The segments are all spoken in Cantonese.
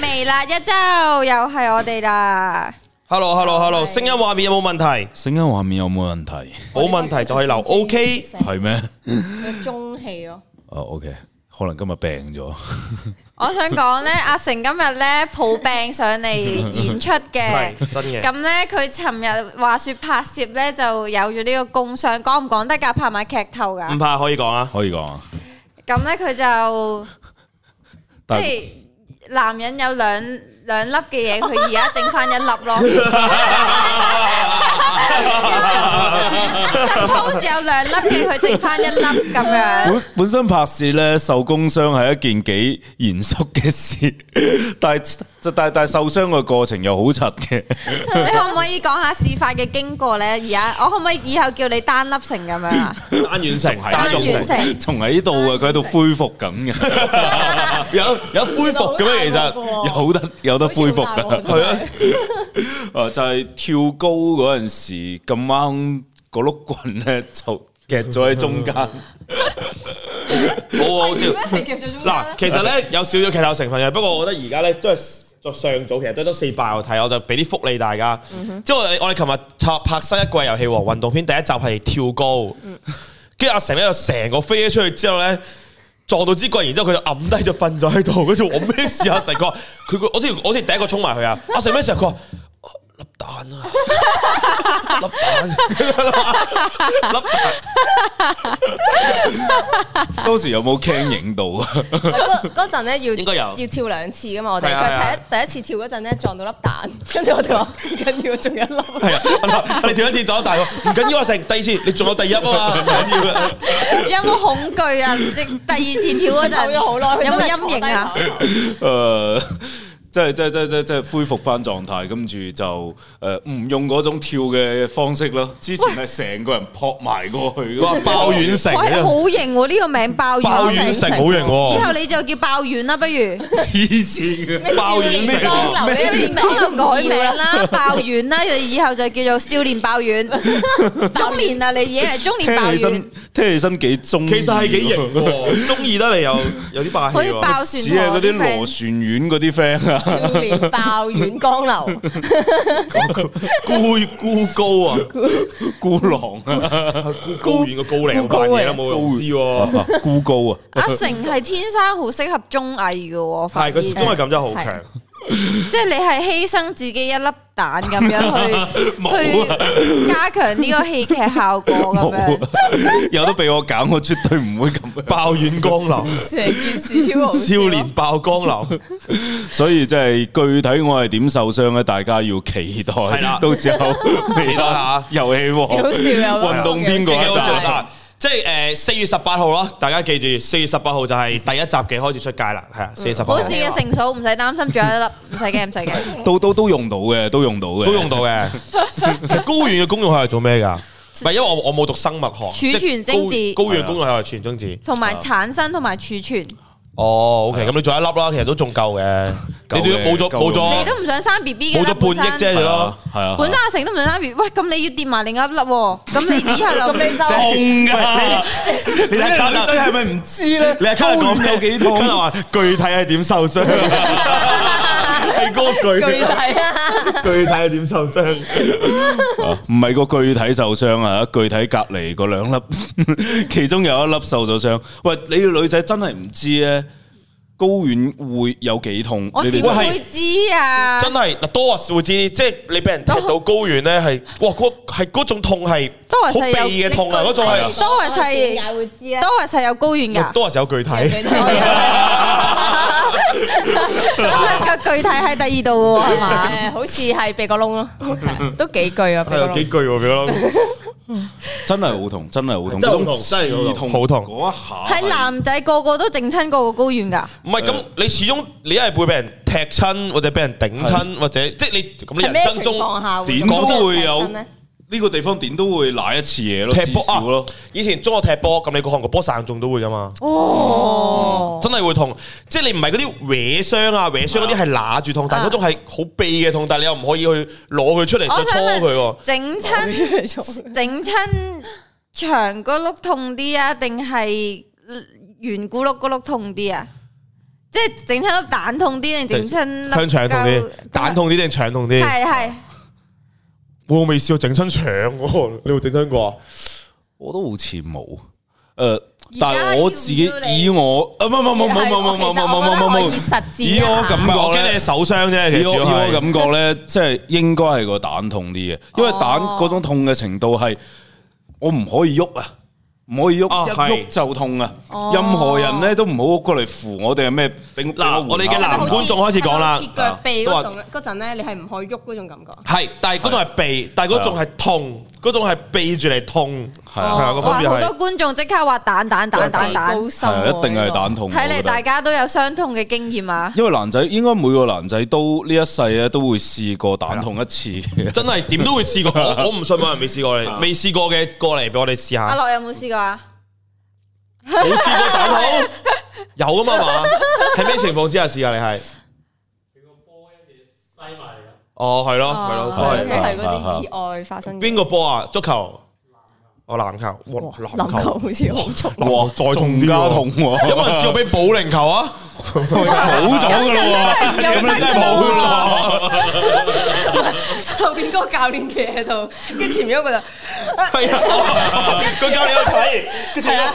未啦，一周又係我哋啦。Hello，Hello，Hello，聲音畫面有冇問題？聲音畫面有冇問題？冇問題就可以留 OK，係咩？中氣咯。哦，OK，可能今日病咗。我想講咧，阿成今日咧抱病上嚟演出嘅，真嘅。咁咧，佢尋日話說拍攝咧就有咗呢個工傷，講唔講得噶？拍唔拍劇透噶？唔怕，可以講啊，可以講。咁咧，佢就即係。男人有兩兩粒嘅嘢，佢而家整翻一粒咯。s, S, S、yeah, e 有兩粒嘅，佢整翻一粒咁樣。本本身拍攝咧，受工傷係一件幾嚴肅嘅事，但係，但係但係，受傷嘅過程又好柒嘅。你可唔可以講下事發嘅經過咧？而家我可唔可以以後叫你單粒成咁樣啊？單完成係單完成，仲喺度嘅，佢喺度恢復緊嘅。有有恢復嘅咩？其實有得有得恢復㗎。係啊，就係跳高嗰陣時咁啱嗰碌棍咧就夾咗喺中間，冇啊！好笑。嗱，其實咧有少少其他成分嘅，不過我覺得而家咧即係。就上早其實都得四百我睇，我就俾啲福利大家。嗯、哼即係我哋琴日拍拍新一季遊戲王運動片第一集係跳高，跟住、嗯、阿成咧就成個飛咗出去之後咧撞到支棍，然之後佢就揞低就瞓咗喺度。跟住我咩事阿成個佢個我先我先第一個衝埋去啊！阿成咩事啊？粒蛋啊！粒蛋，粒蛋。當時有冇 can 影到啊？嗰嗰陣咧要應該有要跳兩次㗎嘛，我哋佢第一第一次跳嗰陣咧撞到粒蛋，跟住、啊啊、我哋話唔緊要，仲有粒係啊，你跳一次撞粒蛋，唔緊要，我成第二次你仲有第一啊嘛，唔緊要啊。有冇恐懼啊？第二次跳嗰陣跳咗好耐，有冇陰影啊？誒 呃。即係即係即係即係即係恢復翻狀態，跟住就誒唔用嗰種跳嘅方式咯。之前係成個人撲埋過去，哇，爆丸成，我係好型喎！呢個名爆丸成，好型喎！以後你就叫爆丸啦，不如黐線爆丸江流，呢個名改名啦，爆丸啦，以後就叫做少年爆丸。中年啊，你已經係中年爆丸？聽起身幾中，其實係幾型喎，中意得你又有啲霸氣喎，似係嗰啲螺旋丸嗰啲 friend 啊！少年爆丸江流，孤孤高啊，孤孤狼啊，孤遠個孤零扮嘢啦，冇用師，孤高啊。阿成係天生好適合綜藝噶，係，佢綜藝感真係好強。即係你係犧牲自己一粒蛋咁樣去 有、啊、去加強呢個戲劇效果咁樣 有、啊，有得俾我揀，我絕對唔會咁、啊、 爆丸江流，成件事少年爆丸江流， 所以即、就、係、是、具體我係點受傷咧，大家要期待啦，到時候睇下遊戲 好運動邊個一、啊、扎。即係誒，四月十八號咯，大家記住，四月十八號就係第一集嘅開始出街啦，係啊，四月十八號。好事嘅成數唔使擔心，仲有一粒，唔使驚，唔使驚。都都都用到嘅，都用到嘅，都用到嘅。高原嘅功用係做咩噶？唔係，因為我我冇讀生物學。儲存精子。高原嘅功用係儲存精子。同埋產生，同埋儲存。哦，OK，咁你仲有一粒啦，其實都仲夠嘅。你都冇咗冇咗，你都唔想生 B B 嘅，冇咗半億啫，係咯，係啊。本身阿成都唔想生 BB，喂，咁你要跌埋另一粒，咁你係諗咩受？痛噶，你受傷係咪唔知咧？你喺今日講有幾痛，就話具體係點受傷。係個具體啊，具體係點受傷？唔係個具體受傷啊，具體隔籬嗰兩粒，其中有一粒受咗傷。喂，你個女仔真係唔知咧。高原會有幾痛？我點會知啊？真係嗱，多數係會知，即係你俾人踢到高原咧，係哇，嗰係嗰種痛係多數係鼻嘅痛啊？嗰種係多數係點解會知啊？多數係有高原噶？多數係有具體？個具體係第二度噶係嘛？誒，好似係鼻哥窿咯，都幾具啊鼻哥窿，幾具喎鼻哥窿。真係好痛，真係好痛，真係好痛，嗰一下係男仔個個都整親個個高遠噶。唔係咁你始終你一係會俾人踢親或者俾人頂親的或者即係你咁的你人生中點都會有。呢個地方點都會攋一次嘢、啊、咯，踢波咯、啊。以前中學踢波，咁你個韓國波散中都會噶嘛。哦，真係會痛，即係你唔係嗰啲崴傷啊，崴傷嗰啲係攋住痛，但係嗰種係好痹嘅痛，但係你又唔可以去攞佢出嚟再搓佢。整親，整親長骨碌痛啲啊，定係圓骨碌骨碌痛啲啊，啊？即係整親粒蛋痛啲定整親粒腸痛啲？蛋痛啲定腸痛啲？係係。我未試過整親腸，你有整親過啊？我都好似冇，誒，但係我自己以我，唔唔唔唔唔唔唔唔唔唔唔，以我感覺咧，驚你受傷啫。以我感覺咧，即係應該係個蛋痛啲嘅，因為蛋嗰種痛嘅程度係我唔可以喐啊。唔可以喐，啊、一喐就痛啊！哦、任何人咧都唔好過嚟扶我哋，係咩、呃呃？我哋嘅男觀眾開始講啦，腳痹嗰陣咧你係唔可以喐嗰種感覺。係，但係嗰種係痹，是但係嗰種係痛。嗰種係避住嚟痛係啊係。哇！好多觀眾即刻話蛋蛋蛋蛋蛋，係一定係蛋痛。睇嚟大家都有傷痛嘅經驗啊。因為男仔應該每個男仔都呢一世咧都會試過蛋痛一次。真係點都會試過，我唔信有人未試過你，未試過嘅過嚟俾我哋試下。阿樂有冇試過啊？冇試過蛋痛，有啊嘛嘛？係咩情況之下試啊？你係？哦，係咯，係咯，都係嗰啲意外發生。邊個波啊？足球，哦籃球，籃球好似好足，哇再痛啲啦痛，有冇試過俾保齡球啊？保咗噶啦，咁你真係保咗？後邊嗰個教練企喺度，跟住前面嗰個就係啊，個教練有睇？係啊。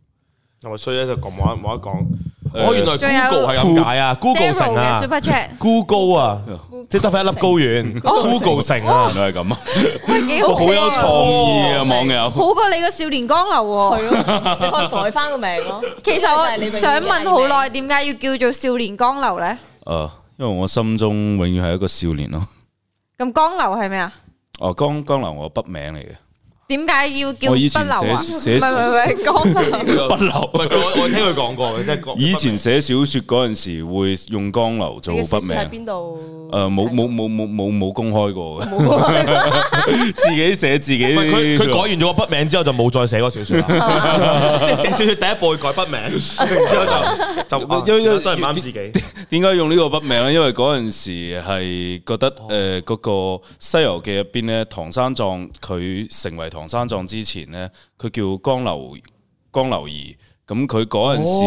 咁所以咧就咁話冇得講，哦原來 Google 係咁解啊，Google 城啊，Google 啊，即係得翻一粒高丸，Google 城啊，原來係咁啊，喂，幾好，好有創意啊，網友，好過你個少年江流，你可以改翻個名。其實我想問好耐，點解要叫做少年江流咧？誒，因為我心中永遠係一個少年咯。咁江流係咩啊？哦，江江流我筆名嚟嘅。點解要叫不流啊？唔唔唔，江流不流？我我聽佢講過嘅，即係以前寫小說嗰陣時會用江流做筆名。喺邊度？誒，冇冇冇冇冇冇公開過嘅。自己寫自己。佢佢改完咗個筆名之後就冇再寫嗰小說啦。即係寫小說第一步會改筆名，然之後就就因為因為都係唔啱自己。點解用呢個筆名咧？因為嗰陣時係覺得誒嗰個《西遊記》入邊咧，唐三藏佢成為唐。唐三藏之前呢，佢叫江流，江流兒，咁佢嗰陣時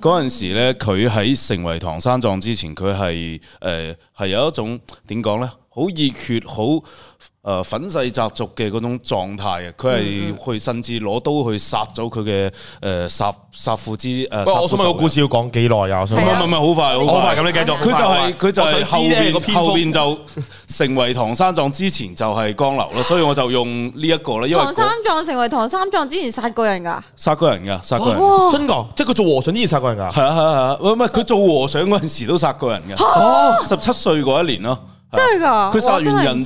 嗰陣時呢，佢喺成為唐三藏之前，佢係誒係有一種點講呢？好熱血好。誒粉世雜俗嘅嗰種狀態啊，佢係去甚至攞刀去殺咗佢嘅誒殺殺父之誒。我心諗個故事要講幾耐呀？唔係唔係，好快好快咁，你繼續。佢就係佢就係後邊個篇，後邊就成為唐三藏之前就係江流啦，所以我就用呢一個啦。因為唐三藏成為唐三藏之前殺過人噶？殺過人噶？殺過人真㗎？即係佢做和尚之前殺過人㗎？係啊係啊係啊！唔係佢做和尚嗰陣時都殺過人㗎。嚇！十七歲嗰一年咯。真係噶，佢殺完人，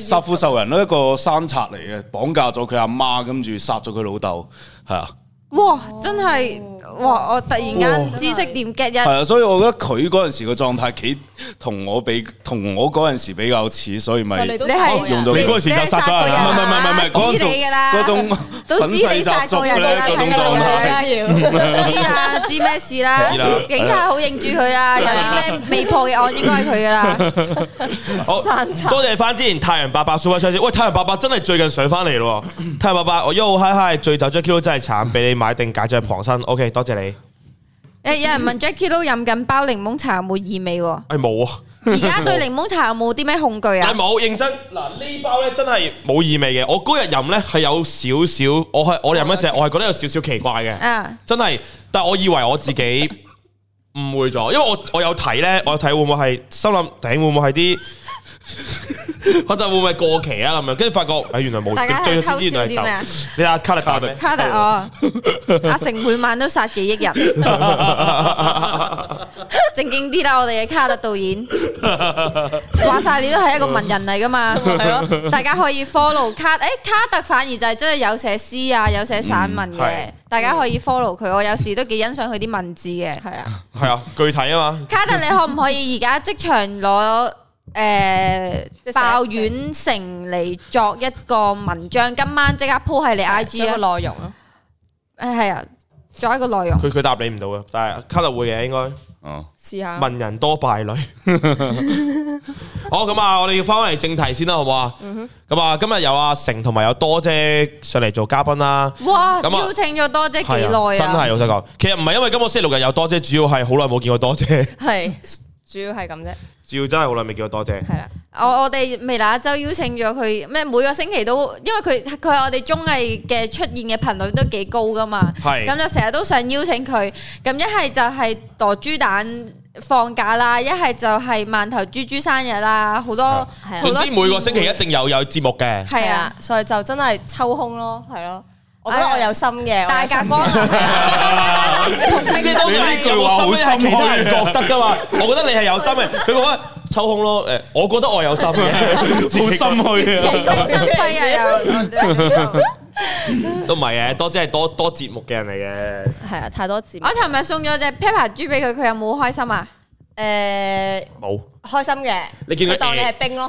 殺父、啊、仇人咯，一個山賊嚟嘅，綁架咗佢阿媽，跟住殺咗佢老豆，係啊，哇，真係。哇！我突然間知識點 get 入係啊，所以我覺得佢嗰陣時個狀態同我比同我嗰陣時比較似，所以咪你係你嗰時就殺咗人，唔係唔係唔係，知你嘅啦，嗰種都知你殺過人啦，嗰種啦，知啦，知咩事啦？警察好認住佢啦，有啲咩未破嘅案應該係佢噶啦。好，多謝翻之前太陽爸爸 super show 喂，太陽爸爸真係最近上翻嚟咯，太陽爸爸，我一嗨嗨醉酒 Jacky，真係慘，俾你買定解酒丸傍身，ok。多謝，謝你。誒，有人問 Jacky 都飲緊包檸檬茶，有冇異味？誒、哎，冇。啊？而家對檸檬茶有冇啲咩恐懼啊？冇，認真。嗱呢包咧，真係冇異味嘅。我嗰日飲咧，係有少少，我係我飲一隻，我係覺得有少少奇怪嘅。啊、哦，okay. 真係，但係我以為我自己誤會咗，因為我我有睇咧，我有睇會唔會係心諗頂會唔會係啲。 我就會唔會過期啊咁樣，跟住發覺，哎，原來冇。大家係偷笑啲咩啊？你阿卡特啊？卡特哦，阿成每晚都殺幾億人，正經啲啦，我哋嘅卡特導演，話晒你都係一個文人嚟噶嘛，係咯。大家可以 follow 卡，誒，卡特反而就係真係有寫詩啊，有寫散文嘅，大家可以 follow 佢。我有時都幾欣賞佢啲文字嘅，係啊，係啊，具體啊嘛。卡特，你可唔可以而家即場攞？誒，爆丸丞嚟作一個文章，今晚即刻 po 喺你 IG 啊！個內容啊，誒係啊，做一個內容。佢佢答你唔到啊，但係 cut 會嘅應該，試下。文人多敗類。好咁啊，我哋要翻翻嚟正題先啦，好唔好啊？咁啊，今日有阿丞同埋有多姐上嚟做嘉賓啦。哇！咁邀請咗多姐幾耐啊？真係老實講，其實唔係因為今個星期六日有多姐，主要係好耐冇見過多姐。係。主要係咁啫，主要真係好耐未見得多謝。係啦了、嗯，我我哋微辣一周邀請咗佢咩？每個星期都，因為佢佢喺我哋綜藝嘅出現嘅頻率都幾高噶嘛。係是，咁就成日都想邀請佢。咁一係就係墮豬蛋放假啦，一係就係饅頭豬豬生日啦，好多。總之每個星期一定有有節目嘅。係啊，所以就真係抽空咯，係咯、啊。我覺得我有心嘅，大格哥，你呢句話好心虛，覺得噶嘛？我覺得你係有心嘅。佢覺得抽空咯，誒，我覺得我有心嘅，好心去。啊，心肺又都唔係嘅，多只係多多節目嘅人嚟嘅。係啊，太多節目。我尋日送咗隻 Peppa 豬俾佢，佢有冇開心啊？誒，冇開心嘅，你見佢當你係兵咯。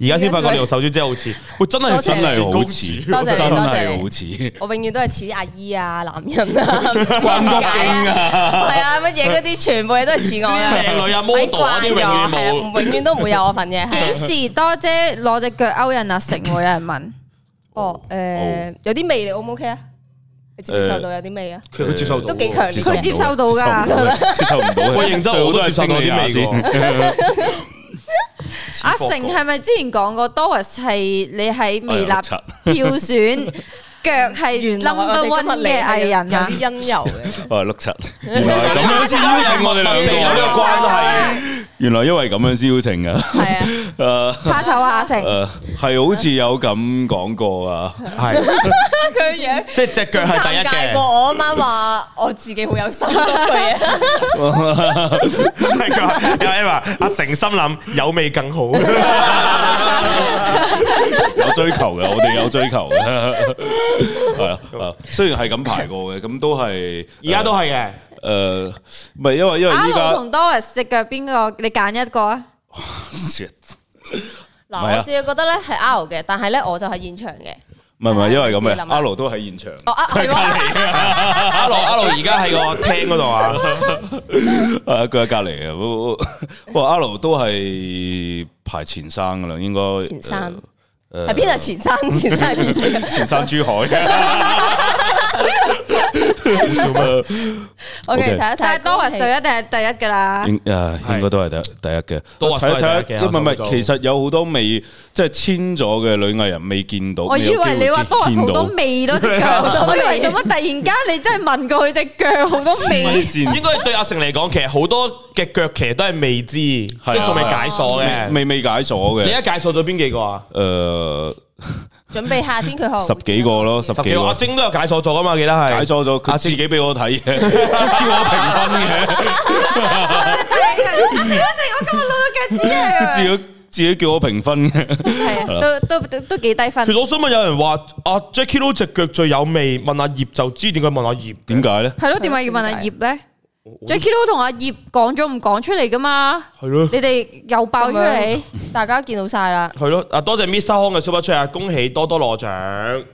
而家先發覺你用手指真係好似，喂，真係真係好似，多謝好似。我永遠都係似阿姨啊，男人啊，關界啊，係啊，乜嘢嗰啲，全部嘢都係似我。啲靚女啊 m o 啲永遠永遠都唔會有我份嘢。幾時多姐攞隻腳勾人啊？食我有人問。哦，誒，有啲味力。o 唔 O K 啊？你接受到有啲味啊？佢接受到，都幾強，佢接受到噶，接受唔到。我認真我都係接受到啲味先。阿丞係咪之前講過？Doris 係你喺微辣票選？腳係原來 number one 嘅藝人，有啲因由嘅。我係六七，原來咁樣邀請我哋兩個有呢個關係，原來因為咁樣邀請噶。係啊，誒，怕醜啊，阿成。誒，係好似有咁講過啊。係佢樣，即係只腳係第一嘅。我阿媽話我自己好有心碎啊。阿成心諗有味更好，有追求嘅，我哋有追求。係啦，雖然係咁排過嘅，咁都係，而家都係嘅。誒，唔係因為因為依家同 Doris 隻腳邊個，你揀一個啊？嗱，我主要覺得咧係 R 嘅，但係咧我就喺現場嘅。唔係唔係，因為咁嘅，阿盧都喺現場。我喺隔籬啊！阿盧阿盧而家喺個廳嗰度啊，誒，佢喺隔籬嘅。不過阿盧都係排前三噶啦，應該。前三。係邊啊？前山，呃，前山邊？前山珠海。我嚟睇一睇，但係 Doris 一定係第一噶啦。誒，應該都係第第一嘅。睇一睇，唔係唔係，其實有好多未即係簽咗嘅女藝人未見到。我以為你話 Doris 都未到隻腳，我以為點乜突然間你真係問過佢隻腳好多？未。黐線！應該對阿成嚟講，其實好多嘅腳其實都係未知，即係仲未解鎖嘅，未未解鎖嘅。你而家解鎖咗邊幾個啊？誒。準備下先，佢學十幾個咯，十幾個阿晶都有解錯咗啊嘛，記得係解錯咗，佢自己俾我睇嘅，叫我評分嘅。我今日攞個腳指嚟。自己自己叫我評分嘅，係啊，都都都幾低分。其實我想問，有人話阿 Jacky Lou 隻腳最有味，問阿葉就知點解問阿葉？點解咧？係咯，點解要問阿葉咧？Jacky Lou 同阿葉講咗唔講出嚟噶嘛？係咯的，你哋又爆出嚟，的大家見到晒啦。係咯，啊多謝 Mr Hong 嘅 Super Chat，恭喜多多攞獎。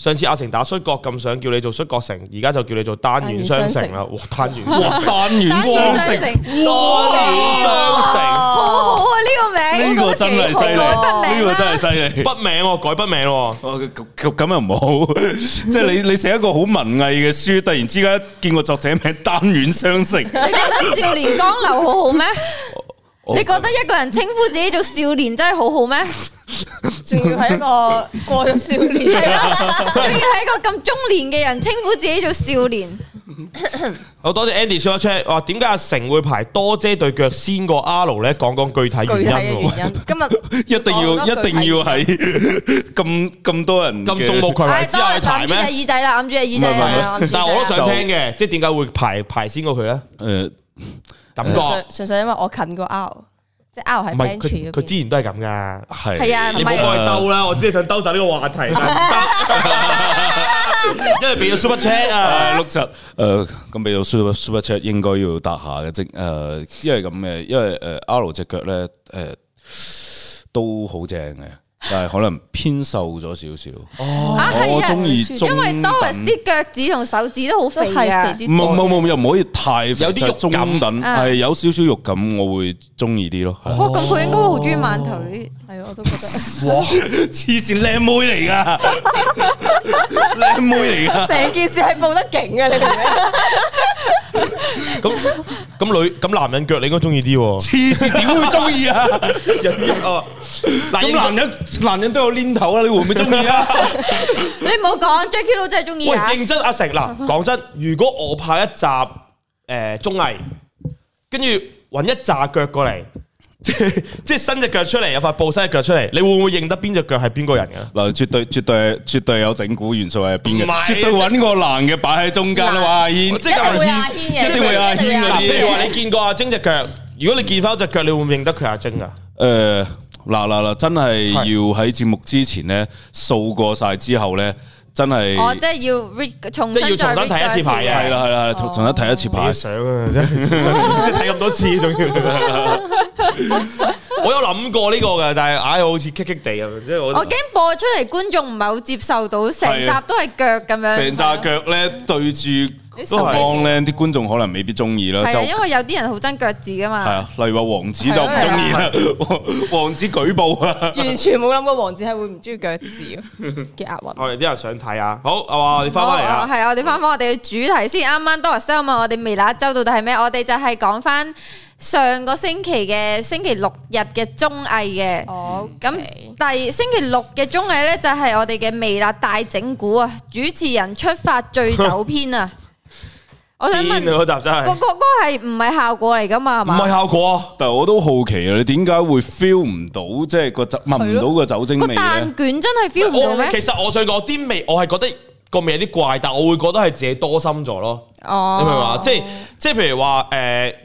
上次阿丞打摔《摔角，咁想叫你做摔《摔角城，而家就叫你做單《單元雙城。啦。哇，《單元》《單元雙城，哇單元雙城哇。好好啊！呢個名呢個真係犀利，呢個真係犀利。筆名哦、啊，改筆名哦、啊，咁又唔好。即係你你寫一個好文藝嘅書，突然之間見個作者名《單元雙城。 你覺得《少年江流》好好咩？你覺得一個人稱呼自己做少年真係好好咩？仲要係一個過咗少年，仲要係一個咁中年嘅人，稱呼自己做少年。好多謝 Andy Show Check 話點解阿成會排多姐對腳先過 R 咧？講講具體原因。今日一定要一定要係咁咁多人咁眾目睽睽之下去排咩？耳仔啦，掩住隻耳仔。但係我都想聽嘅，即係點解會排排先過佢咧？誒，感覺純粹因為我近過 R。唔係佢，佢之前都係咁㗎，係係啊，和你唔好幫佢兜啦，呃、我只係想兜走呢個話題 因為俾咗 Super Chat 啊，六十、 呃，誒咁俾咗 Super Super Chat 應該要答下嘅，即、呃、誒，因為咁嘅，因為誒阿羅隻腳咧誒、呃、都好正嘅。但係可能偏瘦咗少少，啊、我中意，因為 Doris 啲腳趾同手指都好肥啊，冇冇冇又唔可以太肥，有啲肉感等，係、啊、有少少肉感我會中意啲咯。哦，咁佢應該會好中意饅頭啲，係，我都覺得。哇，黐線，靚妹嚟噶，靚妹嚟噶，成 件事係冇得勁噶！你明唔明？ 咁咁 女咁男人腳你應該中意啲，黐線點會中意啊？有啲哦，咁、啊、 男人男人都有鏈頭啊。你會唔會中意啊？ 你唔好講，Jacky Lou 真係中意。喂，認真阿丞嗱，講真，如果我拍一集誒綜藝，跟住搵一紮腳過嚟。 即係伸隻腳出嚟，有塊布伸隻腳出嚟，你會唔會認得邊隻腳係邊個人嘅？嗱，絕對絕對絕對有整蠱元素係邊個，啊、絕對揾個男嘅擺喺中間。你話難阿燕，一定阿燕一定會阿燕嗰啲。話的你見過阿晶隻腳， 如果你見翻隻腳，你會唔會認得佢阿晶噶？誒、呃，嗱嗱嗱，真係要喺節目之前咧，掃過晒之後咧。的 真係，我真係要重即要重新睇一次牌嘅，係啦係啦，重、哦、重新睇一次牌。相啊、這個哎，即係睇咁多次仲要。我有諗過呢個嘅，但係唉，好似棘棘地咁，即係我。我驚播出嚟觀眾唔係好接受到，成對集都係腳咁樣。成集腳呢對住。你十方咧，啲觀眾可能未必中意啦。係啊，因為有啲人好憎腳趾噶嘛。係啊，例如話王子就唔中意啦，王子舉報啊，完全冇諗過王子係會唔中意腳趾嘅壓運。我哋啲人想睇下，好，我哋翻返嚟係啊，我哋翻返我哋嘅主題先。啱啱多多有問，我哋微辣一周到底係咩？我哋就係講翻上個星期嘅星期六日嘅綜藝嘅。哦，咁第星期六嘅綜藝咧就係我哋嘅微辣大整蠱啊！主持人出發醉酒篇啊！我想問嗰集真係，個個係唔係效果嚟噶嘛？唔係效果，啊，但係我都好奇啊！你點解會 feel 唔到，即係個酒聞唔到個酒精味咧？個蛋卷真係 feel 唔到咩？其實我想講啲味，我係覺得個味有啲怪，但係我會覺得係自己多心咗咯。哦、你明嘛？即係即係，譬如話誒，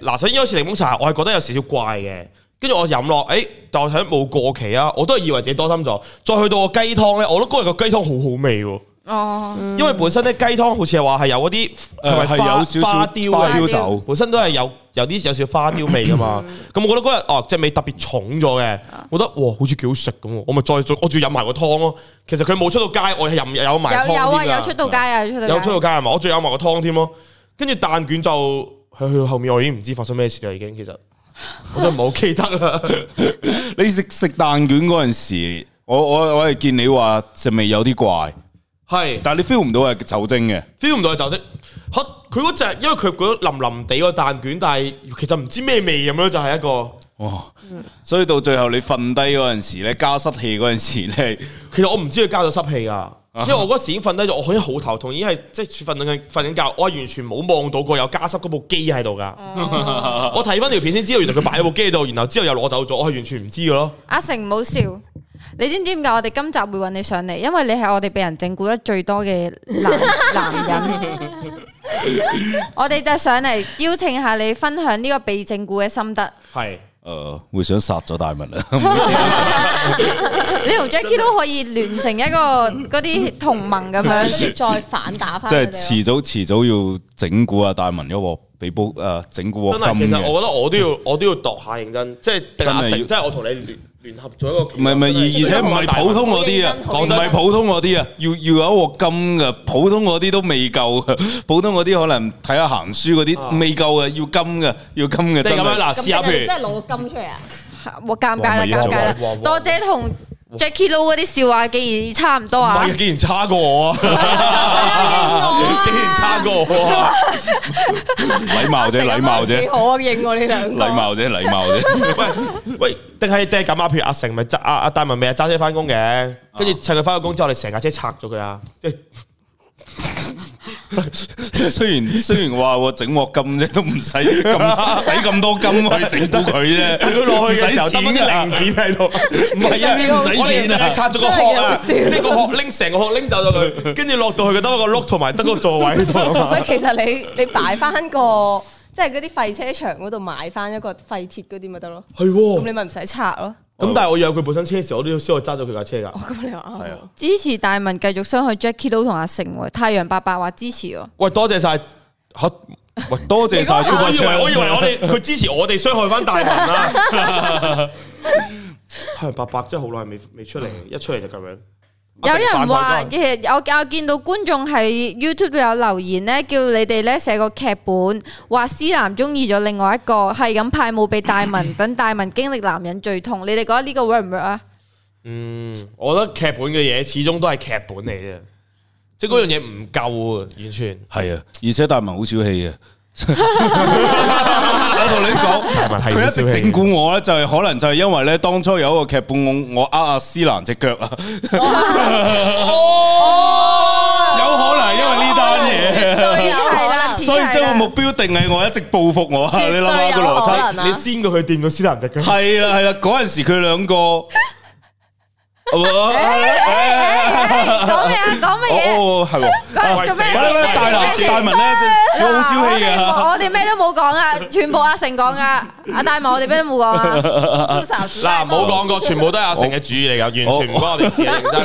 嗱、呃，首先開始檸檬茶，我係覺得有少少怪嘅，跟住我飲落，誒、欸，但我睇冇過期啊，我都係以為自己多心咗。再去到個雞湯咧，我都覺得個雞湯好好味喎。哦，因為本身啲雞湯好似係話係有嗰啲，係咪係有少花雕花雕酒本身都係有有啲有少花雕味噶嘛。咁 我覺得嗰日哦，隻味特別重咗嘅，我覺得哇，好似幾好食咁。我咪再再我仲要飲埋個湯咯。其實佢冇出到街，我飲有埋有有啊有出到街啊對有出到街啊嘛。有啊有啊我仲飲埋個湯添咯。跟住蛋卷就去去後面，我已經唔知發生咩事啦。已經其實我都唔好記得啦。 你食食蛋卷嗰陣時，我我我係見你話食味有啲怪。係，是但係你 feel 唔到係酒精嘅，feel 唔到係酒精。吓，佢嗰隻，因為佢嗰淋淋地個蛋卷，但係其實唔知咩味咁樣，就係、是、一個。哇、哦！所以到最後你瞓低嗰陣時咧，加濕器嗰陣時咧，其實我唔知佢加咗濕氣噶，因為我嗰時已經瞓低咗，我好似好頭痛，已經係即係瞓緊瞓緊覺，我係完全冇望到過有加濕嗰部機喺度噶。嗯、我睇翻條片先知道，原來佢擺喺部機度，然後之後又攞走咗，我係完全唔知噶咯。阿成，唔好笑。你知唔知點解我哋今集會揾你上嚟？因為你係我哋被人整蠱得最多嘅男男人， 我哋就上嚟邀請下你分享呢個被整蠱嘅心得。係是，誒、呃，會想殺咗大文啊！你同 Jacky 都可以聯成一個嗰啲同盟咁樣，再反打翻。即係遲早，遲早要整蠱啊！大文，因為被煲誒整蠱，其實我覺得我都要，我都要度下認真，即係定下即係我同你聯。聯合咗一個，唔係唔係，而而且唔係普通嗰啲啊，唔係普通嗰啲啊，要要有一鑊金㗎，普通嗰啲都未夠，普通嗰啲可能睇下行書嗰啲，啊、未夠啊。要金嘅，要金嘅，即係咁樣嗱，啦試下譬如即係攞個金出嚟啊，我鑊尷尬啦，尷尬啦，多謝同。Jacky Lou 嗰啲笑話竟然差唔多啊，唔係竟然差過我啊，竟然差過我、啊，禮、 啊、 貌啫，禮貌啫，幾好啊，應我呢兩，禮貌啫，禮貌啫， 喂喂，定係定係咁啊？譬如阿成咪揸阿阿戴文咪揸車翻工嘅，跟住、啊、趁佢翻咗工之後，你成架車拆咗佢啊，即、就、係、是。雖然雖然話我整鑊金啫，都唔使咁使咁多金去整到佢啫。落 去嘅時候得乜零件喺度？唔係 啊，要使錢啊，拆咗個殼啊，即係個殼拎成個殼拎走咗佢，跟住落到去佢得個碌同埋得個座位喺度。其實你你擺翻個，即係嗰啲廢車場嗰度買翻一個廢鐵嗰啲咪得咯。係，咁 你咪唔使拆咯。咁但係我要佢本身車時，我都要先害揸咗佢架車噶。係啊、嗯，的支持大文繼續傷害 Jacky Lou 同阿丞喎。太陽伯伯話支持我。喂，多謝晒。喂，多謝晒。 我以為我以為我哋佢支持我哋傷害翻大文啊。 太陽伯伯真係好耐未未出嚟，一出嚟就咁樣。有人話嘅，我我見到觀眾喺 YouTube 有留言咧，叫你哋咧寫個劇本，話思南中意咗另外一個，係咁派冇俾大文，等大文經歷男人最痛。你哋覺得呢個 work 唔 work 啊？嗯，我覺得劇本嘅嘢始終都係劇本嚟嘅，嗯、即係嗰樣嘢唔夠啊，完全。係啊，而且大文好小氣啊。我同你講，佢一直整蠱我咧，就係可能就係因為咧，當初有一個劇本我呃阿斯蘭隻腳啊，有可能因為呢單嘢，所以將個目標定係我一直報復我，你諗下個邏輯，絕對可能啊！你先過去掂過斯蘭隻腳，係啦係啦，嗰陣時佢兩個。係，係講咩？講咩嘢？係，做咩？大男士大文咧好小氣嘅，我哋咩都冇講啊，全部阿成講噶，阿大文我哋咩都冇講啊。嗱，冇講過，全部都係阿成嘅主意嚟噶，完全唔關我哋事。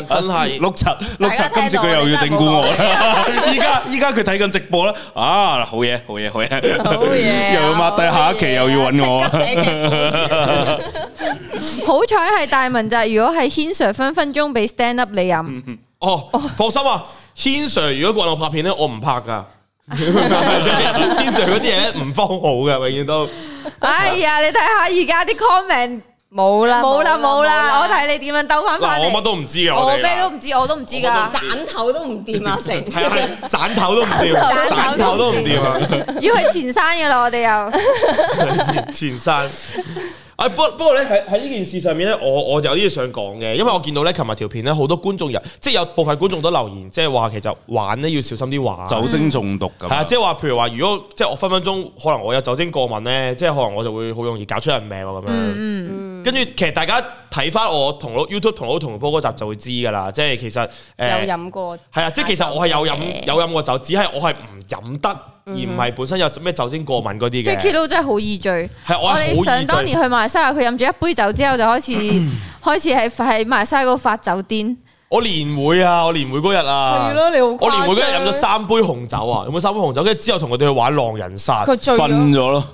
真係六七六七，今次佢又要整蠱我啦！依家依家佢睇緊直播啦，啊，好嘢好嘢好嘢，又要 mark 低下一期又要搵我。好彩係大文咋，如果係軒 Sir。分分鐘俾 stand up 你飲哦，放心啊，軒 Sir 如果慣我拍片咧，我唔拍噶，軒 Sir 嗰啲嘢唔方好噶，永遠都。哎呀，你睇下而家啲 comment 冇啦，冇啦，冇啦，我睇你點樣兜翻翻。我乜都唔知啊，我咩都唔知，我都唔知噶，斬頭都唔掂啊，成。係係，斬頭都唔掂，斬頭都唔掂啊，要係前山嘅啦，我哋又。前前山。不不過咧喺呢件事上面呢，我我就有啲嘢想講嘅。因為我見到咧琴日條片呢，好多觀眾有即係有部分觀眾都留言，即係話其實玩咧要小心啲玩，酒精中毒咁。係啊，即係話譬如話，如果即係我分分鐘可能我有酒精過敏呢，即係可能我就會好容易搞出人命喎咁樣。嗯嗯嗯，跟住其實大家。睇翻我同 YouTube 同我同播嗰集就會知噶啦，即係其實誒，有飲過係啊！即係其實我係有飲有飲過酒，只係我係唔飲得，而唔係本身有咩酒精過敏嗰啲嘅。即 Jacky 都真係好易醉，我係好易醉。當年去馬來西亞，佢飲住一杯酒之後就開始開始係係馬來西亞個發酒癲。我年會啊，我年會嗰日啊，係咯，我年會嗰日飲咗三杯紅酒啊，飲咗三杯紅酒，跟住之後同佢哋去玩狼人殺，佢醉咗咯。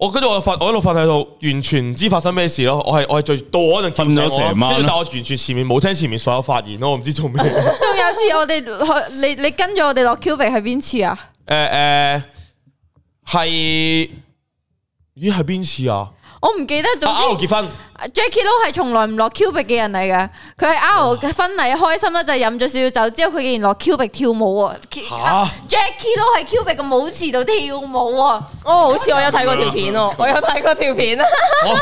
我跟住我瞓，我一路瞓喺度，完全唔知發生咩事咯。我係我係最到嗰陣叫醒我，但我完全前面冇聽前面所有發言咯，我唔知做咩 仲有次我哋，你你跟住我哋落 Cubic 係邊次啊？誒誒、呃，係、呃、咦係邊次啊？我唔記得咗，總之 Jacky 都係從來唔落 Cubic 嘅人嚟嘅，佢係 R 嘅婚禮開心啦，就係飲咗少少酒之後，佢竟然落 Cubic 跳舞哈啊！Jacky 都係 Cubic 嘅舞池度跳舞啊！哦，好似我有睇過條片哦，我有睇過條片啊！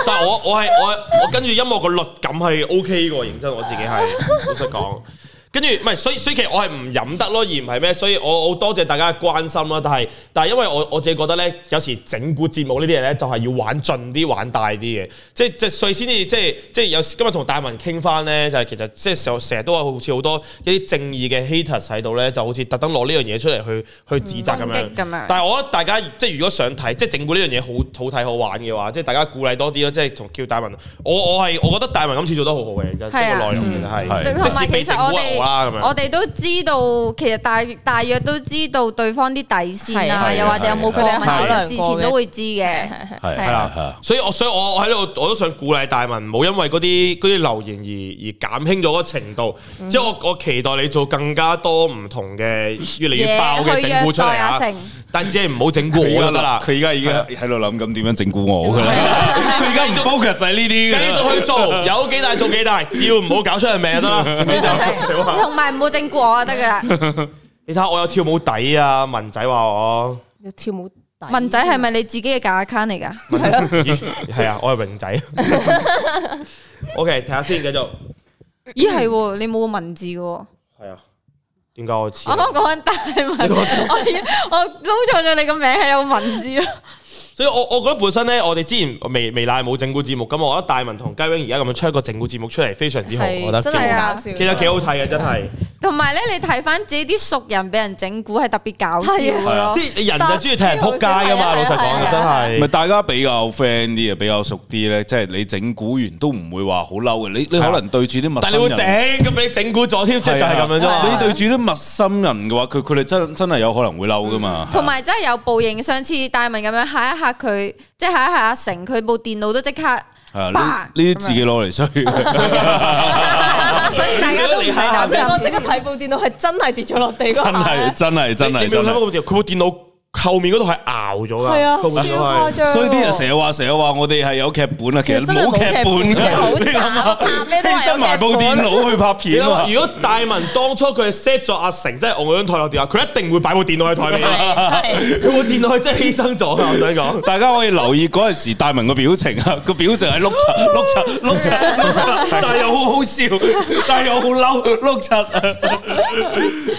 但係我我係我我跟住音樂個律感係 OK 嘅，認真我自己係老實講。 跟住唔係，所以所以其實我係唔飲得咯，而唔係咩，所以我好多謝大家嘅關心啦。但係但係因為我我自己覺得咧，有時整蠱節目呢啲嘢咧，就係要玩盡啲、玩大啲嘅，即係即係所以先至即係即係有時今日同大文傾翻咧，就係、是、其實即係成日都有好似好多一啲正義嘅 hater 喺度咧，就好似特登攞呢樣嘢出嚟去去指責咁樣。但係我覺得大家即係、就是、如果想睇即係整蠱呢樣嘢好好睇好玩嘅話，即、就、係、是、大家鼓勵多啲咯，即係同叫大文，我我係我覺得大文今次做得好好嘅，真係、啊、個內容其實係即使被整我哋都知道，其實大大約都知道對方啲底線啊，又或者有冇過敏啲事前都會知嘅。係係所以我所以我我喺度，我都想鼓勵大文唔好因為嗰啲啲留言而而減輕咗個程度。即係我我期待你做更加多唔同嘅越嚟越爆嘅整蠱出嚟，但只係唔好整蠱我得啦。佢而家已經喺度諗緊點樣整蠱我㗎啦。佢而家唔 focus 喺呢啲嘅。繼續去做，有幾大做幾大，只要唔好搞出人命啦。你就。同埋唔好整過我啊，得噶啦！你睇下我有跳舞底啊，文仔話我有跳舞底。文仔係咪你自己嘅假 account 嚟噶？係啊，係啊，我係榮仔。OK，睇下先，繼續。咦，係你冇個文字噶？係啊，點解我似？我講緊大文，我我撈錯咗你個名，係有文字啊。所以我我覺得本身咧，我哋之前未未嚟冇整蠱節目，咁我覺得戴文同雞 Wing 而家咁樣出一個整蠱節目出嚟，非常之好，我覺得真係搞笑，其實幾好睇嘅，真係。同埋咧，你睇翻自己啲熟人俾人整蠱係特別搞笑咯。即你人就中意聽人撲街噶嘛，老實講真係。咪大家比較 friend 啲啊，比較熟啲咧，即係你整蠱完都唔會話好嬲嘅。你你可能對住啲陌生人，但你會頂咁俾你整蠱咗添，即係就係咁樣啫嘛。你對住啲陌生人嘅話，佢佢哋真真係有可能會嬲噶嘛。同埋真係有報應，上次戴文咁樣嚇一佢即係一下阿成，佢部電腦都即刻，呢啲、啊、自己攞嚟衰，所以大家都唔使擔心。我即刻睇部電腦，係真係跌咗落地真。真係真係真係，你冇睇過部的電，佢部電腦後面度係硬.爆咗噶，所以啲人成日話成日話我哋係有劇本啊，其實冇劇本嘅，犧牲埋部電腦去拍片啊嘛。如果大文當初佢 set 咗阿成，即係按張台落電話，佢一定會擺部電腦喺台面。佢部電腦係真係犧牲咗。我想講，大家可以留意嗰陣時大文嘅表情啊，個表情係碌柒碌柒碌柒碌柒，但係又好好笑，但係又好嬲碌柒。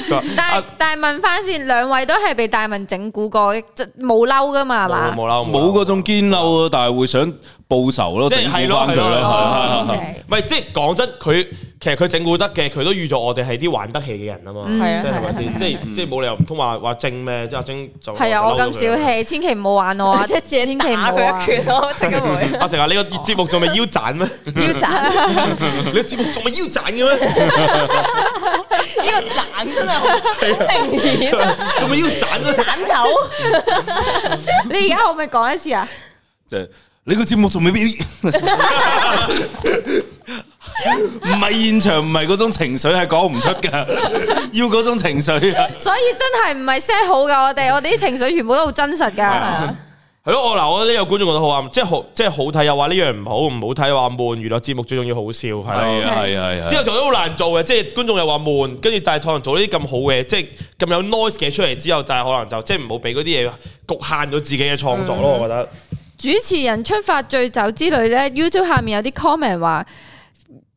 但係但係問翻先，兩位都係被大文整蠱過，即係冇。冇嬲噶嘛，係嘛？冇嗰種堅嬲啊，但係會想報仇咯，整翻佢咯。唔係，即係講真，佢其實佢整蠱得嘅，佢都預咗我哋係啲玩得起嘅人啊嘛。啊。即係咪先？即係即係冇理由唔通話話正咩？即阿正就係啊！我咁小氣，千祈唔好玩我，一射打佢一拳咯。阿成啊，你個節目仲未腰斬咩？腰斬？你個節目仲未腰斬嘅咩？個啊、的呢個斬真係好明顯，仲要斬個枕頭。你而家可唔可以講一次啊？即係你個節目仲未必，唔係現場唔係嗰種情緒係講唔出噶， 要嗰種情緒啊。所以真係唔係 set 好噶，我哋我哋啲情緒全部都好真實噶。 係咯，嗱，我覺得有觀眾覺得好啱，即係好即係好睇，又話呢樣唔好，唔好睇，話悶。娛樂節目最重要好笑，係係係。之後做都好難做嘅，即係觀眾又話悶，跟住但係可能做呢啲咁好嘅，即係咁有 noise 嘅出嚟之後，就係可能就即係唔好俾嗰啲嘢局限到自己嘅創作咯。嗯、我覺得主持人出發醉酒之類咧，YouTube 下面有啲 comment 話，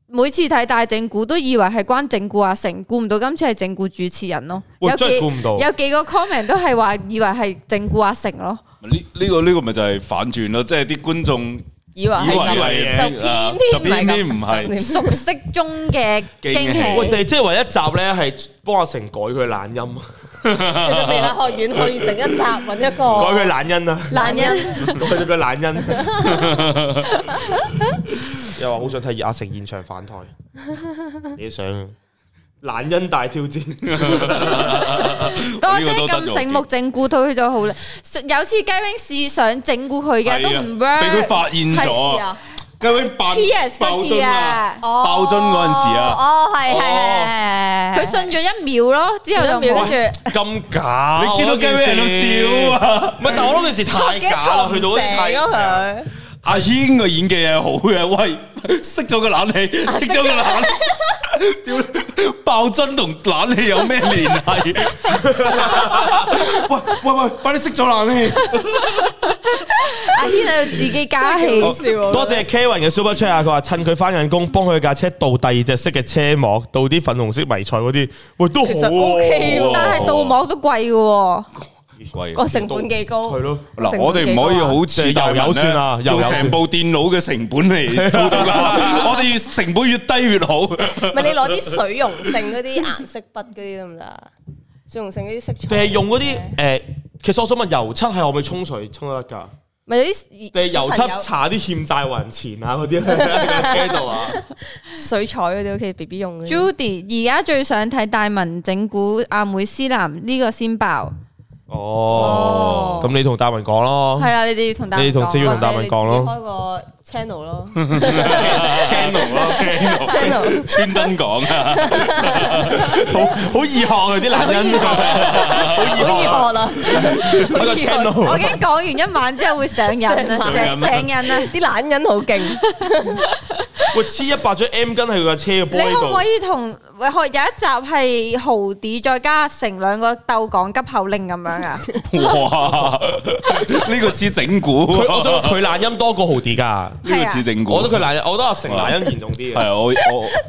每次睇大整蠱都以為係關整蠱阿成，估唔到今次係整蠱主持人咯。我真係估唔到。有幾個 comment 都係話以為係整蠱阿成咯。呢呢個呢個咪就係反轉咯，即係啲觀眾以為係就偏偏唔係熟悉中嘅驚喜。我哋即係話一集咧係幫阿丞改佢懶音，其實微辣學院可以整一集揾一個改佢懶音啊，懶音改咗佢懶音，又話好想睇阿丞現場反台，你想？懶因大挑戰，多姐咁醒目整蠱佢就好啦。有次雞 wing 試想整蠱佢嘅，都唔 work，俾佢發現咗。雞 wing 爆樽啊！哦，爆樽嗰陣時啊，哦係係係，佢信咗一秒咯，之後一秒跟住咁假，你見到雞 wing 喺度笑啊。咪但係我覺得件事太假啦，去到成日睇到佢。阿軒個演技係好嘅，喂，熄咗個冷氣，熄咗個冷氣。屌， 爆樽同冷氣有咩聯繫？喂喂喂，快啲熄咗冷氣！ 阿軒要自己加氣覺多謝 Ken 嘅 Super Chat 啊！佢話趁佢翻緊工，幫佢架車鍍第二隻色嘅車膜，鍍啲粉紅色迷彩嗰啲，喂都好！OK，啊啊、但係鍍膜都貴嘅、啊。個一成本幾高？係、嗯、咯，嗱，我哋唔可以好似油油，油油算啊，用成部電腦嘅成本嚟做到噶。 我哋成本越低越好。咪 你攞啲水溶性嗰啲顏色筆嗰啲得唔得？水溶性嗰啲色彩，色彩。定係用啲誒、呃？其實我想問，油漆係可唔可以沖水沖得噶？咪有啲。定係油漆搽啲欠債還錢啊嗰啲喺度啊？ 水彩嗰啲，其實 B B 用。Judy 而家最想睇大文整蠱阿妹思南呢個先爆。哦，咁你同達文講咯，係啊，你哋要同達文，即要同達文講咯。channel 咯，channel 咯，channel 專登講啊，好好易學啊啲懶音，好易學咯。我已經講完一晚之後會上癮啊，上癮啊，啲懶音好勁。喂，黐一百張 M 巾喺佢架車嘅杯度。你可唔可以同喂學有一集係豪迪再加成兩個鬥講急口令咁樣啊？哇！呢個黐整蠱，我想佢懶音多過豪迪㗎。係啊，我覺得佢懶， 我覺得丞懶音嚴重啲嘅。係啊，我我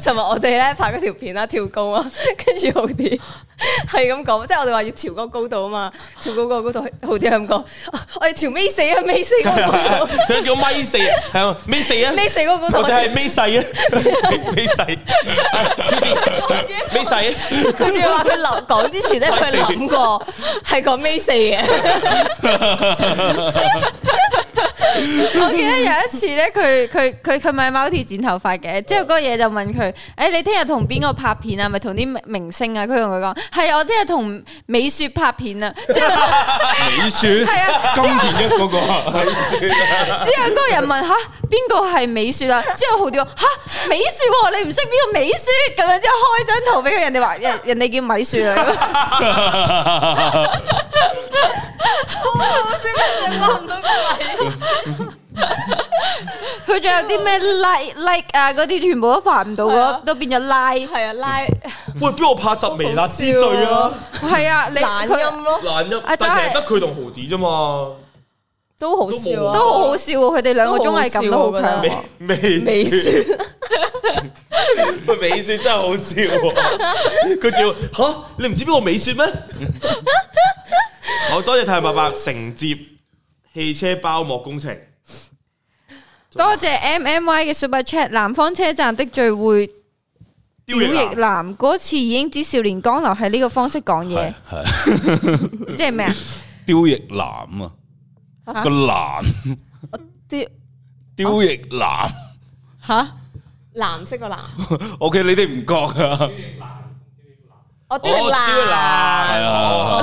尋日我哋咧拍嗰條片啦，跳高啊，跟住好啲。係咁講，即係我哋話要調個高度啊嘛，調高個高度好似咁講。我哋調米四啊，米四個高度，佢叫咪四啊，係咪四啊？米四個高度，我哋係米細啊，米細，米細。佢仲話佢留講之前咧，佢諗過係講米四嘅。我記得有一次咧，佢佢佢佢咪某條剪頭髮嘅，之後嗰個嘢就問佢：誒，你聽日同邊個拍片啊？咪同啲明星啊？佢同佢講。係啊，我聽日同美雪拍片啊，即係、那個、美雪，係啊，金田一嗰、那個美 雪、啊。之後嗰個人問吓，邊個係美雪啊？之後浩屌，吓美雪，你唔識邊個美雪？咁樣之後開張圖俾佢，人哋話人人哋叫米雪啊。好少見過唔同。佢仲有啲咩 like like 啊？嗰啲全部都發唔到，嗰都變咗 lie。係啊，lie。喂，邊個拍集《微辣之罪》啊？係啊，懶音咯，懶音。但係得佢同豪子啫嘛，都好笑，都好笑。佢哋兩個綜藝感都好強。微微雪，喂，微雪真係好笑。佢仲吓，你唔知邊個微雪咩？好多謝太陽伯伯承接汽車包膜工程。多謝 M M Y 嘅 Super Chat，南方車站的聚會，刁亦藍嗰次已經指少年江流係呢個方式講嘢，即係咩啊？刁亦、啊、 藍啊，個、啊啊、藍，刁刁亦藍，吓藍色個藍，OK，你哋唔覺啊？吊難，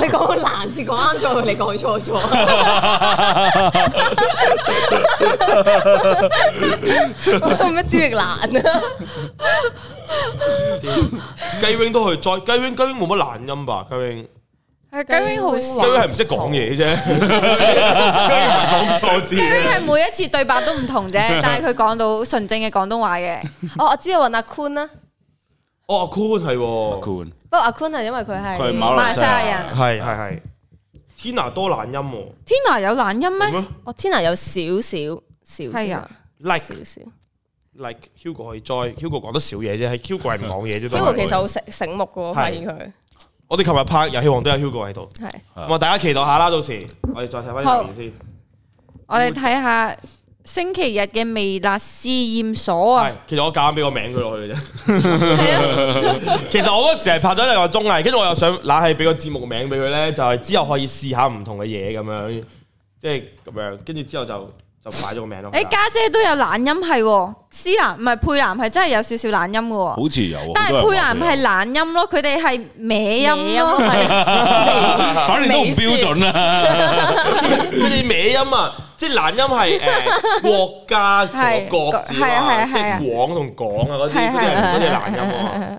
我講個難字講啱咗，你講錯咗。做乜吊難啊？雞 wing 都可以，再雞 wing 雞 wing 冇乜懶音吧？雞 wing 係雞 wing 好，雞 wing 係唔識講嘢啫。雞 wing 係講錯字。雞 wing 係每一次對白都唔同啫，但係佢講到純正嘅廣東話嘅。哦，我知要揾阿坤啦。哦，阿坤係。不過阿坤係因為佢係馬來西亞人，係係係。Tina 多懶音喎、哦、，Tina 有懶音咩？嗎哦，Tina 有小小小小、啊、少少少係啊，like 少，like Hugo 可以再，Hugo 講得少嘢啫，係 Hugo 唔講嘢啫。的是 Hugo 其實好醒醒目嘅喎，發現佢。我哋琴日拍《遊戲王》都有 Hugo 喺度，係的，咁啊好大家期待下啦，到時我哋再睇翻啲畫面先。我哋睇下。星期日嘅微辣試驗所啊！係，其實我夾硬俾個名佢落去嘅啫。 啊、 其實我嗰時係拍咗一個綜藝，跟住我又想懶係俾個節目名俾佢咧，就係、係、之後可以試下唔同嘅嘢咁樣，即係咁樣，跟住之後就。就擺咗個名咯。誒家姐都有懶音係喎，思南唔係佩南係真係有少少懶音嘅喎。好似有，但係佩南唔係懶音咯，佢哋係歪音咯。反正都唔標準啊。佢哋歪音啊，即係懶音係誒國家做國字啊，即啊。廣同講啊嗰啲嗰啲係嗰啲懶音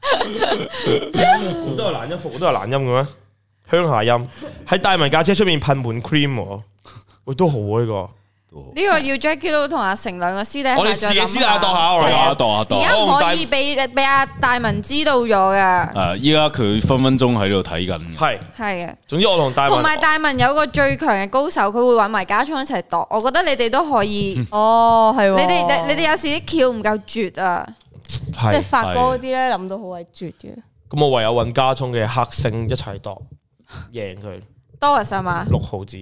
好多係懶音，好都係懶音嘅咩？鄉下音喺大文架車出面噴滿 cream，喂、哎、都好啊呢個。呢個要 Jacky Lou 同阿成兩個師弟，我哋自己師弟度下，下我哋度下度下。而家可以俾俾阿大文知道咗㗎。誒、啊，依家佢分分鐘喺度睇緊。係係啊，對總之我同大同埋大文有個最強嘅高手，佢會揾埋家聰一齊度。我覺得你哋都可以。嗯、哦，係、哦。你哋你你哋有時啲橋唔夠絕啊！即係發哥嗰啲咧諗到好鬼絕嘅，咁我唯有揾家聰嘅黑星一齊度贏佢，多少啊嘛六毫子。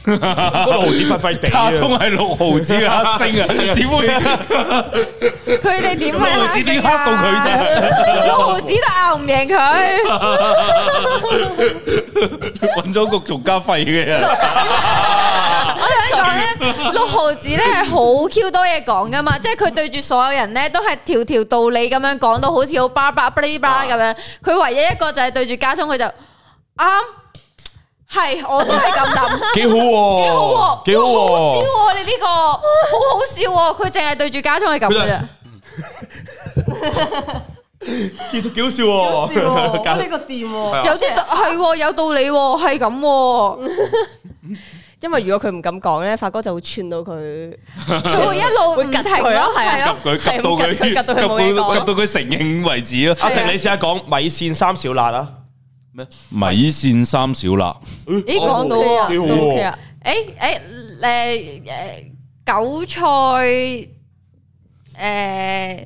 六毫子忽忽地，家聰係六毫子嘅黑星啊，點會？佢哋點係黑到佢啫，六毫子都拗唔贏佢，搵咗個仲加廢嘅。我想講咧，六毫子咧係好 Q 多嘢講噶嘛，即係佢對住所有人咧都係條條道理咁樣講到好似好巴巴嗶哩叭咁樣。佢唯一一個就係對住家聰，佢就啱。嗯係，我都係咁諗。幾好，幾好，幾好。好笑，你呢個好好笑，佢淨係對住家聰係咁嘅啫。幾好笑，呢個店有啲係有道理，係咁。因為如果佢唔敢講咧，發哥就會串到佢，就會一路會夾佢咯，係啊，夾佢夾到佢，夾到佢承認為止咯。阿丞，你試下講米線三小辣啊！米線三小辣咦，咦講到啊，OK 啊，誒誒誒誒，韭菜誒，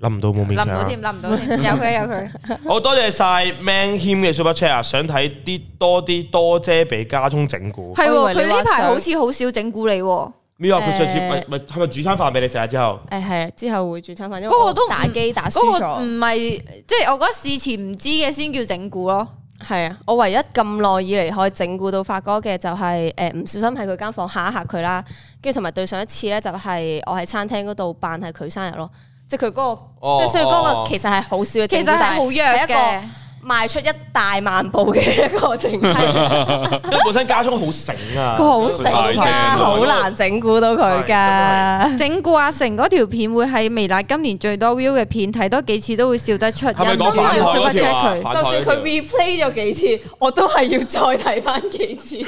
諗、呃、唔到冇面、啊，諗唔到添，諗唔到添，有佢有佢，好、 哦、多謝晒 Man 謙嘅 super chat 啊，er, 想睇啲多啲多姐俾家中整蠱，係喎、哦，佢呢排好似好少整蠱你、啊。咩啊？佢、欸，上次咪咪係咪煮餐飯俾你食啊？之後誒係啊，之後會煮餐飯。嗰個都打機打輸咗。嗰個唔係，即係、嗯、我覺得事前唔知嘅先叫整蠱咯。係啊，我唯一咁耐以嚟可以整蠱到發哥嘅就係誒唔小心喺佢間房吓一吓佢啦。跟住同埋對上一次咧就係我喺餐廳嗰度扮係佢生日咯，即係佢嗰個即係、哦、所以嗰個其實係好少嘅整蠱，其實係好弱，但係係一個。賣出一大萬部嘅一個情況，因為本身家中好醒啊，佢好醒噶，好難整蠱到佢噶。整蠱阿成嗰條片會係微辣今年最多 view 嘅片，睇多幾次都會笑得出，係咪講 Super Chat 啊？就算佢 replay 咗幾次，我都係要再睇翻幾次。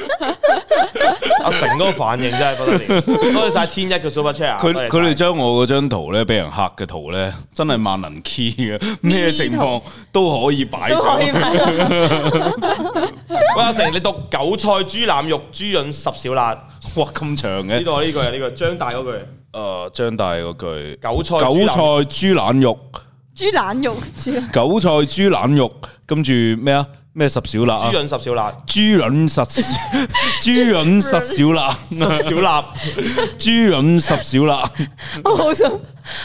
阿成嗰個反應真係不得了，開曬天一嘅 Super Chat，佢佢哋將我嗰張圖咧，俾人黑嘅圖咧，真係萬能 key 嘅，咩情況都可以擺上。喂，阿丞，你讀韭菜豬腩肉豬潤十小辣，哇咁長嘅。呢度呢個係呢個張大嗰句，誒張大嗰句韭菜韭菜豬腩肉，豬腩肉，韭菜豬腩肉，跟住咩啊咩十小辣啊，豬潤十小辣，豬潤十豬潤十小辣，小辣，豬潤十小辣，好深。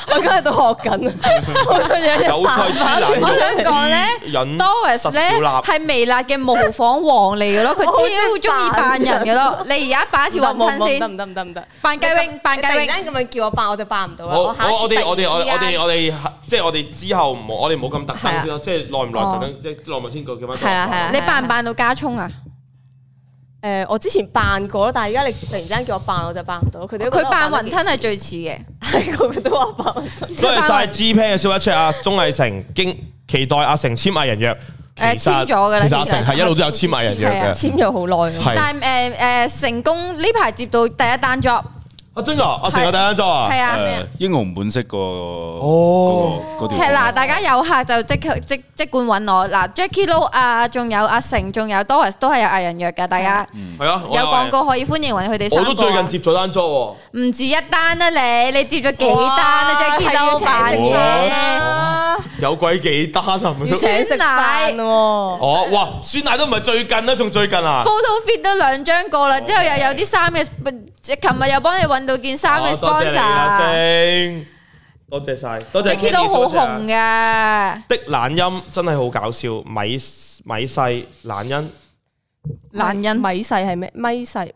我而家喺度學緊，我想有有菜之奶做。我想講咧，Doris 咧係微辣嘅模仿王嚟嘅咯，佢超中意扮人嘅咯。你而家扮一次王春先，唔得唔得唔得唔得，扮繼榮，扮繼榮，突然間咁樣叫我扮，我就扮唔到啦。我我我哋我哋我我哋我哋即係我哋之後唔我哋唔好咁特登先咯，即係耐唔耐咁樣，即係耐唔耐先叫叫翻。係啊係啊，你扮唔扮到加蔥啊？誒、呃，我之前扮過咯，但係而家你突然之間叫我扮，我就扮唔到。佢哋佢扮雲吞係最似嘅，係個都話扮雲吞。都係曬 G 片嘅消息出啊，鍾麗成經期待阿丞簽藝人約，誒簽咗嘅啦，其實阿丞係一路都有簽藝人約嘅，簽咗好耐。但係誒誒，成功呢排接到第一單 job。阿晶啊，阿成有第一張啊！啊英雄本色個，哦，嗰條係，嗱，大家有客就即刻即即管揾我。嗱，Jacky Lou 啊，仲有阿成，仲有 Doris 都係有藝人約嘅，大家係啊，有廣告可以歡迎揾佢哋。我都最近接咗單做、啊，唔止一單啊！你你接咗幾單啊？仲哇 Jacky Lou 要賺錢，有鬼幾單啊？唔算難。哦，哇，算難都唔係最近啦，仲最近啊？Photo fit 都兩張過啦，之後又有啲衫嘅。Okay. 即琴日又幫你搵到件衫，sponsor 嘅啊！正，多謝晒，多謝你支持 Kiki 都好紅嘅。的懶音真係好搞笑，米米細懶音，懶音米細係咩？米細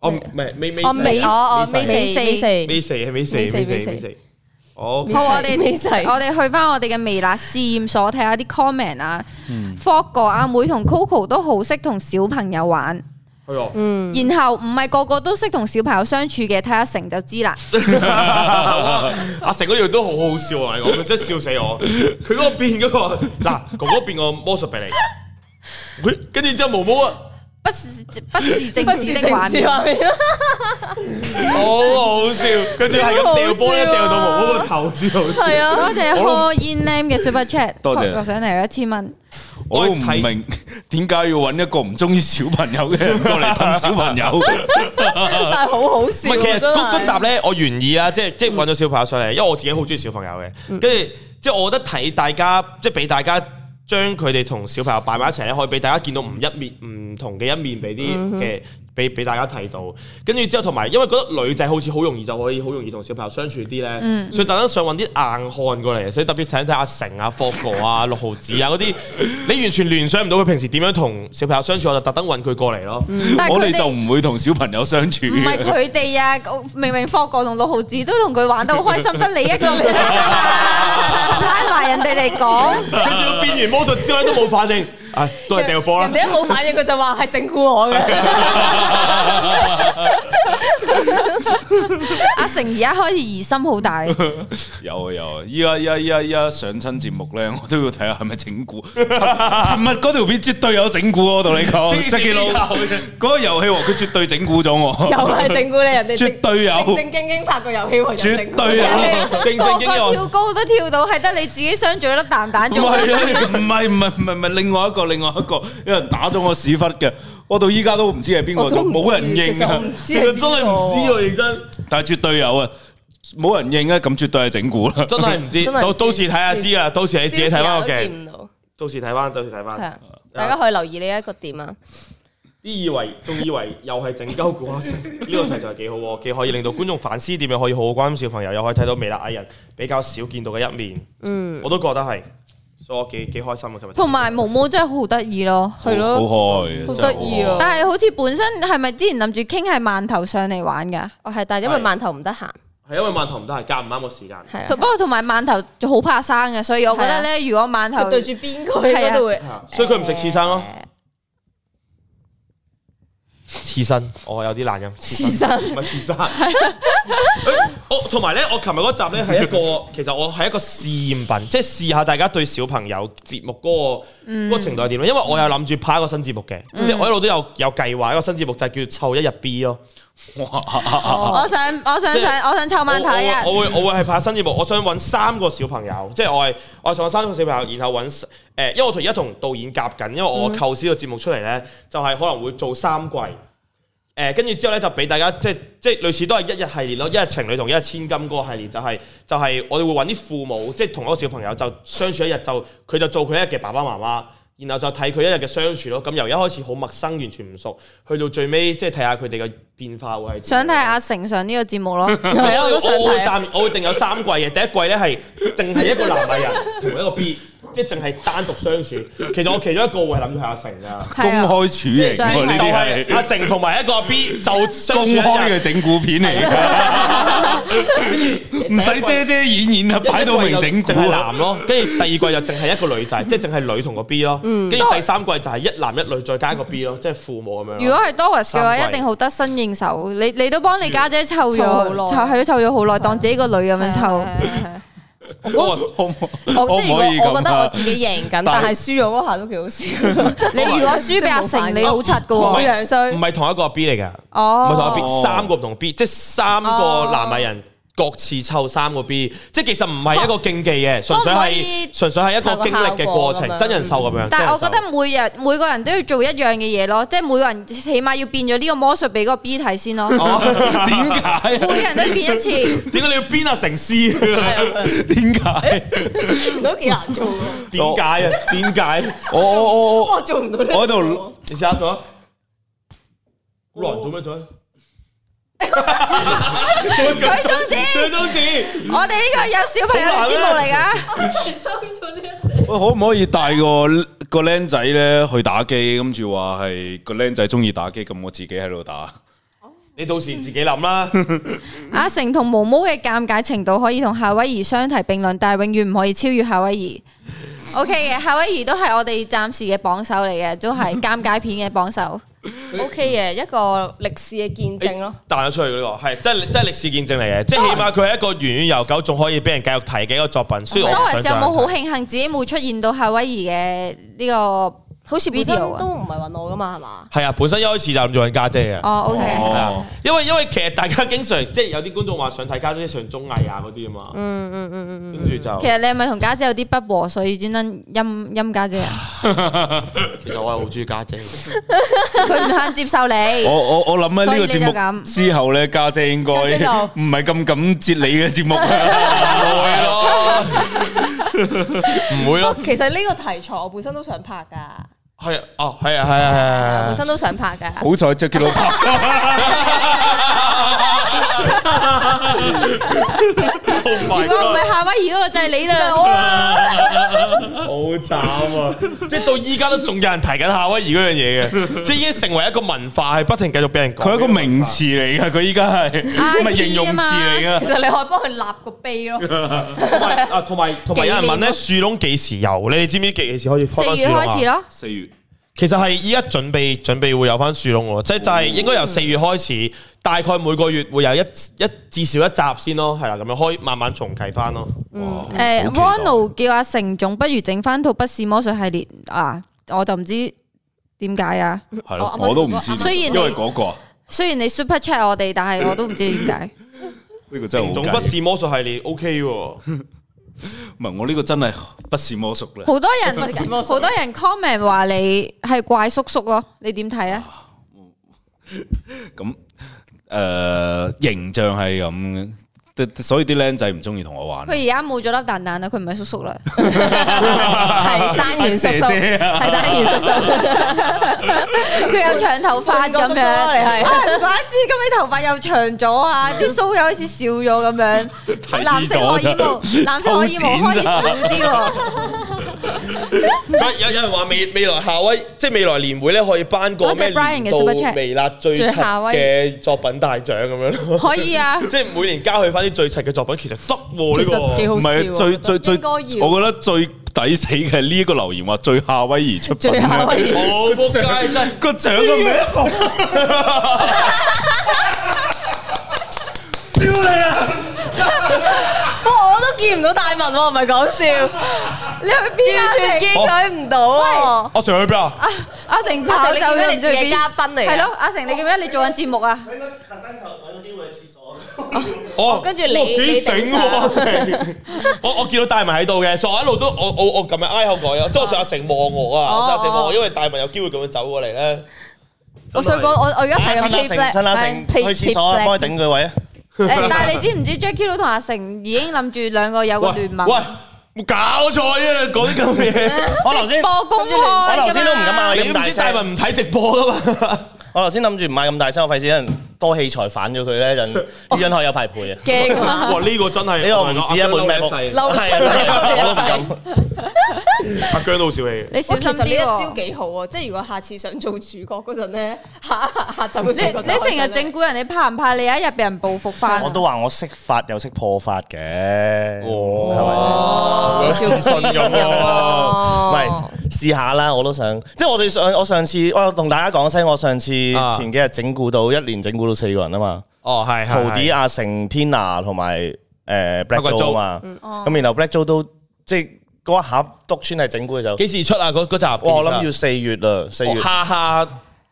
哦，唔係，微微哦，微哦哦，微四微四微四係微四微四微四。好，我哋我哋去返我哋嘅微辣試驗所睇下啲 comment 啊。Four 哥阿妹同 Coco 都好識同小朋友玩。哎喲，嗯、然後唔係個個都識同小朋友相處嘅，睇阿成就知啦。 阿成嗰條都好好笑啊！我真笑死我，佢嗰、嗰個變嗰個嗱，哥哥變個魔術俾你。佢跟住之後毛毛啊，不是不是政治的玩笑。好好笑，跟住係咁掉波，一掉到毛毛個頭至好笑。係啊，多謝柯 Enam 嘅 super chat，發個賞嚟一千蚊。我都唔明點解要揾一個唔中意小朋友嘅人過嚟捧小朋友，但係好好笑。其實嗰集呢，我願意啊，即係即係揾咗小朋友上嚟，嗯、因為我自己好中意小朋友嘅。跟住即係我覺得睇大家，即係俾大家將佢哋同小朋友擺埋一齊咧，可以俾大家見到唔一面、唔同嘅一面俾啲嘅。俾俾大家睇到，跟住之後同埋，因為覺得女仔好似好容易就可以好容易同小朋友相處啲咧，嗯、所以特登想揾啲硬漢過嚟，所以特別請睇阿成、阿霍哥、g 啊、啊 六毫子啊嗰啲，你完全聯想唔到佢平時點樣同小朋友相處，我就特登揾佢過嚟咯。嗯、我哋就唔會同小朋友相處。唔係佢哋啊，明明霍哥同六毫子都同佢玩得好開心，得 你一個拉埋人哋嚟講， 跟住 變完魔術之後都冇反應。啊，都係掉波啦！人哋都冇反應，佢就話係整蠱我嘅。阿成而家開始疑心好大。有啊有，依家依家依家依家上親節目咧，我都要睇下係咪整蠱。琴日嗰條片絕對有整蠱我，同你講。黐線佬，嗰個遊戲王佢絕對整蠱咗我。又係整蠱你人哋？絕對有。正正經經拍個遊戲王，絕對正正經。跳高都跳到，係得你自己想做粒蛋蛋啫嘛？唔係唔係唔係唔係，另外一個。另外一個有人打咗我屎忽嘅，我到依家都唔知係邊個，冇人認啊！其實真係唔知，認真，但係絕對有啊！冇人認啊，咁絕對係整蠱啦！真係唔知，到到時睇下知啊！到時你自己睇翻個鏡，到時睇翻，到時睇翻。大家可以留意呢一個點啊！啲以為仲以為又係整鳩古惑星，呢個題材幾好，既可以令到觀眾反思點樣可以好好關心小朋友，又可以睇到微辣藝人比較少見到嘅一面。嗯，我都覺得係。所以幾幾開心同埋毛毛真係好得意咯，係咯，好開，好得意。啊。但係好似本身係咪之前諗住傾係饅頭上嚟玩噶？哦係，但係因為饅頭唔得閒，係因為饅頭唔得閒，夾唔啱個時間。係，不過同埋饅頭就好怕生嘅，所以我覺得咧，如果饅頭對住邊個，佢都會，所以佢唔食刺身咯。刺身，我有啲難飲。刺身唔係刺身。我同埋咧，我琴日嗰集咧係一個，其實我係一個試驗品，即係試下大家對小朋友節目嗰、那個個、嗯、程度係點咯。因為我有諗住拍一個新節目嘅，即係、嗯、我一路都有有計劃一個新節目就，就係叫湊一日 B 咯、哦。我想、就是、我想想我想湊萬頭一。我會、嗯、我會係拍新節目，我想揾三個小朋友，即係、嗯、我係我想揾三個小朋友，然後揾誒、呃，因為我同而家同導演夾緊，因為我構思個節目出嚟咧，就係、是、可能會做三季。嗯誒，跟住、嗯、之後咧，就俾大家即係即係類似都係一日系列咯，一日情侶同一日千金嗰個系列就係、是、就係、是、我哋會揾啲父母，即係同一個小朋友就相處一日，就佢就做佢一日嘅爸爸媽媽，然後就睇佢一日嘅相處咯。咁、嗯、由一開始好陌生，完全唔熟，去到最尾即係睇下佢哋嘅變化。會係想睇阿丞上呢個節目咯 ，我都我會定有三季嘅，第一季呢，係淨係一個男藝人同 一個 B。即係淨係單獨相處，其實我其中一個會諗係阿成啊，公開處刑呢啲係阿成同埋一個 B 就相處，公開嘅整蠱片嚟嘅，唔使遮遮掩掩啊，擺到明整蠱。係男咯，跟住第二季就淨係一個女仔，即係淨係女同個 B 咯。跟住第三季就係一男一女再加一個 B 咯，即係父母咁樣。如果係 Doris 嘅話，一定好得心應手。你你都幫你家姐湊咗好耐，係佢湊咗好耐，當自己個女咁樣湊。我我我即係如果我覺得我自己贏緊，但係輸咗嗰下都幾好笑。你如果輸俾阿丞，你好柒噶喎，樣衰。唔係同一個 B 嚟噶，唔係同一個 B，三個唔同 B，即係三個男藝人。各次湊三個 B，即係其實唔係一個競技嘅，純粹係純粹係一個經歷嘅過程，真人秀咁樣。但係我覺得每日每個人都要做一樣嘅嘢咯，即係每個人起碼要變咗呢個魔術俾個 B 睇先咯。點解？每個人都要變一次。點解你要變啊成詩？點解？都幾難做啊！點解啊？點解？我我我我做唔到。我喺度，你試下做。攔住咪得。 最中止，最中止。止 我哋呢個有小朋友嘅節目嚟噶，收咗呢一。我可唔可以帶個個僆仔咧去打機？跟住話係個僆仔中意打機，咁我自己喺度打。哦、你到時自己諗啦。嗯、 阿成同毛毛嘅尷尬程度可以同夏威夷相提並論，但係永遠唔可以超越夏威夷。O K 嘅夏威夷都係我哋暫時嘅榜首嚟嘅，都係尷尬片嘅榜首。O K 嘅一個歷史嘅見證咯，彈咗出去嘅呢個，係即係即係歷史見證嚟嘅，即係 起碼佢係一個源遠悠久，仲可以俾人繼續提嘅一個作品。所以我當時 有冇好慶幸自己冇出現到夏威夷嘅呢個？好似必要啊！都唔係揾我噶嘛，係嘛？係啊，本身一開始就諗住揾家姐嘅。哦，OK。因為因為其實大家經常即係有啲觀眾話想睇家姐上綜藝啊嗰啲啊嘛。嗯嗯嗯嗯嗯。跟住就。其實你係咪同家姐有啲不和，所以專登陰陰家姐啊？其實我係好中意家姐。佢唔肯接受你。我我我諗咧呢個節目之後咧，家姐應該唔係咁敢接你嘅節目啦。會咯。唔 會咯了、哦，其實呢個題材我本身都想拍噶。係啊，哦，係啊，係啊，係啊，係啊，本身都想拍噶，好彩就見到拍。 如果唔係夏威夷嗰個就係你啦，好慘啊， 啊！即係到依家都仲有人提緊夏威夷嗰樣嘢嘅， 即係已經成為一個文化，係不停繼續俾人。佢係一個名詞嚟嘅，佢依家係咪形容詞嚟嘅？其實你可以幫佢立個碑咯。同埋啊，同埋同埋有人問咧，樹窿幾乎時游？你知唔知幾時可以開翻樹啊？四月開始咯，四月。其實係依家準備準備會有翻樹窿喎，即係就係應該由四月開始，大概每個月會有一一至少一集先咯，係啦，咁樣可以慢慢重啟翻咯。哇嗯，誒 o n o 叫阿丞總不如整翻套不是魔術系列啊，我就唔知點解啊。係啦，我都唔知，雖然因為個，雖然你，啊、雖然你 Super Chat 我哋，但係我都唔知點解。呢 個真係好。總不是魔術系列 OK 唔係，我呢個真係不是魔術咧。好多人，好 多人 comment 話你係怪叔叔咯，你點睇啊？咁誒、 呃，形象係咁嘅。所以啲僆仔唔中意同我玩。佢而家冇咗粒蛋蛋啦，佢唔係叔叔啦，係單元叔叔，係單元叔叔。佢有長頭髮咁樣，唔怪知今你頭髮又長咗啊！啲鬚又好似少咗咁樣，藍色荷爾蒙，藍色荷爾蒙可以少啲喎。有有人話未未來夏威即係未來年會咧，可以頒個咩年度微辣最夏威嘅作品大獎咁樣咯？可以啊！即係每年加去翻啲最齊嘅作品，其實得喎，呢個唔係最最最，我覺得最抵死嘅係呢一個留言話最夏威夷出品，最夏威夷好仆街，真個獎都冇，屌你啊！哇，我都見唔到大文喎，唔係講笑。你去邊啊？完全見佢唔到啊！阿丞去邊啊？阿阿丞拍手就係贏加分嚟。係咯，阿丞你叫咩？你做緊節目啊？我見到特登就揾個機會去廁所。哦，跟住你你醒。我我見到戴文喺度嘅，所以一路都我我我今日挨後改，之後想阿丞望我啊，想阿丞望我，因為戴文有機會咁樣走過嚟咧。我想講，我我而家派緊。阿丞，阿丞去廁所幫佢頂佢位啊！誒，但係你知唔知 Jacky 佬同阿丞已經諗住兩個有個聯盟？搞錯啊！講啲咁嘢，啊、我頭先播公開，我頭先都唔敢買，因為大大部分唔睇直播噶嘛。我頭先諗住買咁大箱，我費事。多器材反咗佢咧，陣依陣可有排賠啊！驚啊！哇，呢個真係呢個唔止一本咩？係啊！阿姜都好少氣，你小心啲喎！一招幾好啊！即係如果下次想做主角嗰陣咧，下下嚇就！你你成日整蠱人，你怕唔怕你有一日俾人報復翻？我都話我識法，又識破法嘅。係咪？超唔信用嘅。喂，係，試下啦！我都想，即係我哋上我上次，我同大家講聲，我上次前幾日整蠱到一年整蠱到。四個人啊嘛，哦，係係，陶迪、阿成、天娜同埋誒 Black Joe 嘛，咁然後 Black Joe 都即係嗰一刻篤先係整蠱嘅時候，幾時出啊？嗰集我諗要四月啦，四月，哈哈，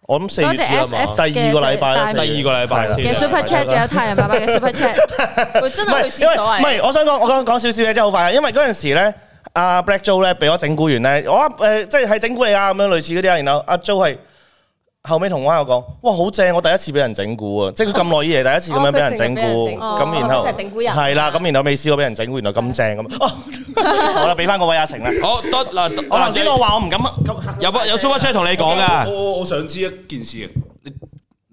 我諗四月第二個禮拜啦，第二個禮拜啦，嘅 Super Chat 仲有太陽爸爸嘅 Super Chat，會真係會思索啊。唔係，我想講，我講講少少嘢真係好快，因為嗰陣時咧，阿 Black Joe 咧俾我整蠱完咧，我誒即係係整蠱你啊咁樣類似嗰啲啊，然後阿 Joe 係。後尾同我阿哥講，哇，好正！我第一次俾人整蠱啊，即係佢咁耐以嚟第一次咁樣俾人整蠱，咁然後係啦，咁然後未試過俾人整蠱，原來咁正咁。好啦，俾翻個位阿成啦。好得嗱，我頭先我話我唔敢，有冇 super 車同你講噶？我我想知一件事，你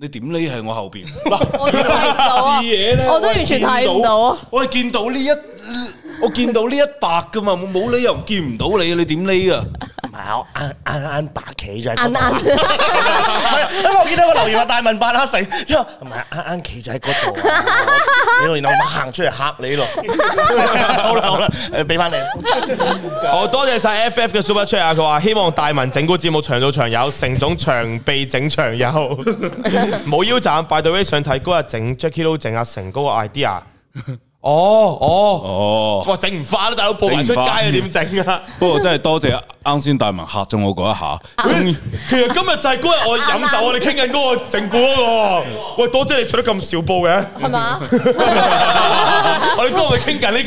你點匿喺我後邊？我都睇唔到啊！我都完全睇唔到啊！我係見到呢一。我，到我見到呢一沓噶嘛，冇理由見唔到你啊，你點匿啊？唔係，我啱啱啱白企在、啊， 啱啱，因為我見到個留言話大文八阿丞，之後唔係啱啱企在嗰度，啊，然後我行出嚟吓你咯。 好啦好啦，俾翻你。 好，多謝晒 F F 嘅 Super Chat 啊！佢話希望大文整個節目長做長有，丞總長臂整長有，冇 腰斬。By the way，上提嗰日整 Jacky Lou 整阿丞嗰個 idea。哦哦哦！喂，整唔化啦，大佬，報完出街啊，點整啊？不過真係多謝啱先，大文嚇咗我嗰一下。其實今日就係嗰日我飲酒，我哋傾緊嗰個整蠱嗰個。喂，多謝你出得咁少報嘅，係嘛？我哋都係傾緊呢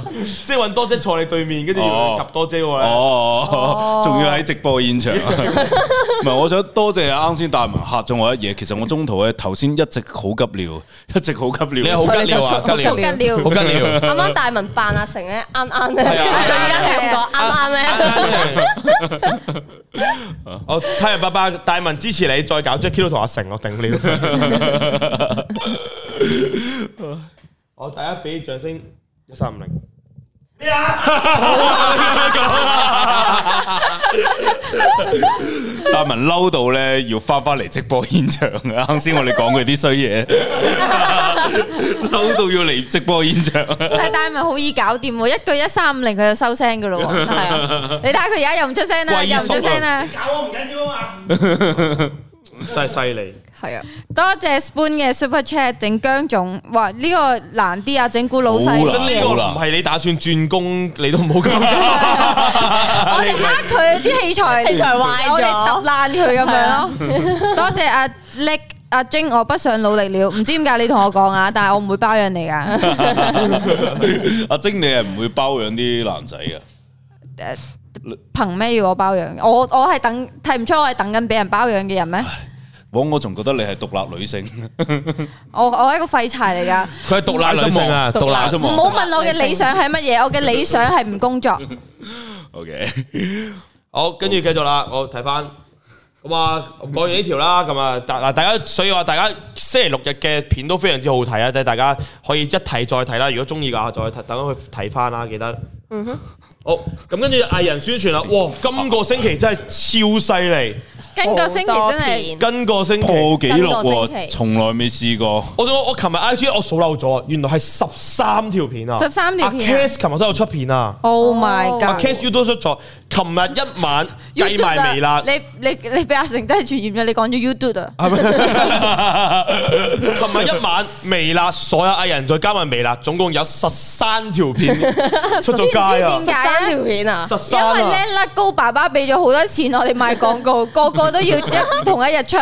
個，即係搵多姐坐你對面，跟住要夾多姐。哦，仲要喺直播現場。唔係，我想多謝啱先大文嚇咗我一嘢。其實我中途咧，頭先一直好急尿，一直好急尿，你好急尿，急尿。好緊要！啱 啱樂大文扮阿成咧，啱啱咧，就而家係咁講，啱啱咧。下我太陽爸爸大文支持你再搞，即 JQ 同阿成，我頂了。 我第一俾掌聲一三五零。啊！戴 文嬲到咧，要翻翻嚟直播現場。啱先我哋講佢啲衰嘢，嬲到要嚟直播現場。 但係戴文好易搞掂喎，一句一三五零佢就收聲噶咯。係 啊，你睇下佢而家又唔出聲啦，又唔出聲啦，搞我唔緊要啊嘛，真係犀利。係啊，多謝 Spoon 嘅 Super Chat，整姜總話呢個難啲啊，整蠱老細。唔好啦，呢個唔係你打算轉工，你都唔好交。我哋呃佢啲器材，器材壞咗，我哋揼爛佢咁樣咯。多謝阿叻、阿晶，我不想努力了。唔知點解你同我講啊？但係我唔會包養你噶。阿晶，你係唔會包養啲男仔噶？憑咩要我包養？我我係等睇唔出我係等緊俾人包養嘅人咩？我我仲覺得你係獨立女性，我我係一個廢柴嚟噶，佢係獨立女性啊，獨立啫嘛，唔好問我嘅理想係乜嘢，我嘅理想係唔工作。O K，好，跟住繼續啦，我睇翻。哇，講完呢條啦，咁啊，嗱，大家所以話大家星期六日嘅片都非常之好睇啊，即係大家可以一睇再睇啦，如果中意嘅話，再睇等去睇翻啦，記得。好咁，跟住、哦、藝人宣傳啦！哇，今個星期真係超犀利，今個星期真係今個星期破紀錄喎，從來未試過。我我琴日 IG 我數漏咗，原來係十三條片啊！十三條片，啊，阿 Kes 琴日都有出片啊！Oh my god！阿 Kes，啊、You 都出錯，琴日一晚計埋微辣，你你你俾阿成真係傳染咗，你講咗 You Do 啊！琴日 一晚微辣，所有藝人再加埋微辣，總共有十三條片出咗街啊！ 一條片啊，因為叻叻高爸爸俾咗好多錢我哋賣廣告，個個都要一同一日出，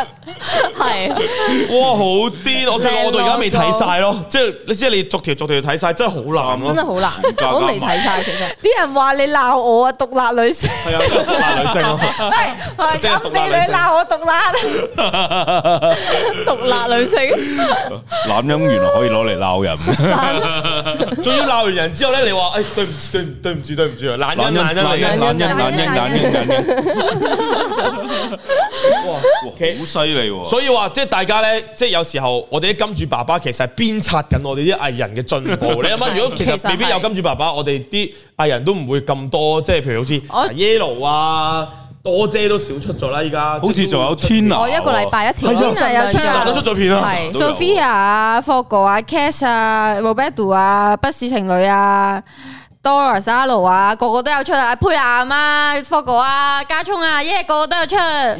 係哇好癲！我我我到而家未睇晒咯，即係即係你逐條逐條睇晒，真係好難咯，真係好難，我都未睇晒。其實啲人話你鬧我啊，獨立女性，係啊，獨立女性，唔係我係咁俾你鬧我獨立，獨立女性，男人原來可以攞嚟鬧人，仲要鬧完人之後咧，你話誒對唔對唔對唔住對唔？懶人，懶人，懶人，懶人，懶人，懶人，哇，好犀利喎！所以話即係大家咧，即係有時候我哋啲金主爸爸其實係鞭策緊我哋啲藝人嘅進步。你諗下，如果其實未必有金主爸爸，我哋啲藝人都唔會咁多。即係譬如好似 Yellow 啊，多姐都少出咗啦。依家好似仲有天啊，我一個禮拜一條。Sophia 又出咗片啦，Sophia 啊，Fogo 啊，Cash 啊，Roberto 啊，不是情侶啊。Doris、Salu 啊，個個都有出啊，佩蘭啊，Fogo 啊，加聰啊，耶，個個都有出。Jacky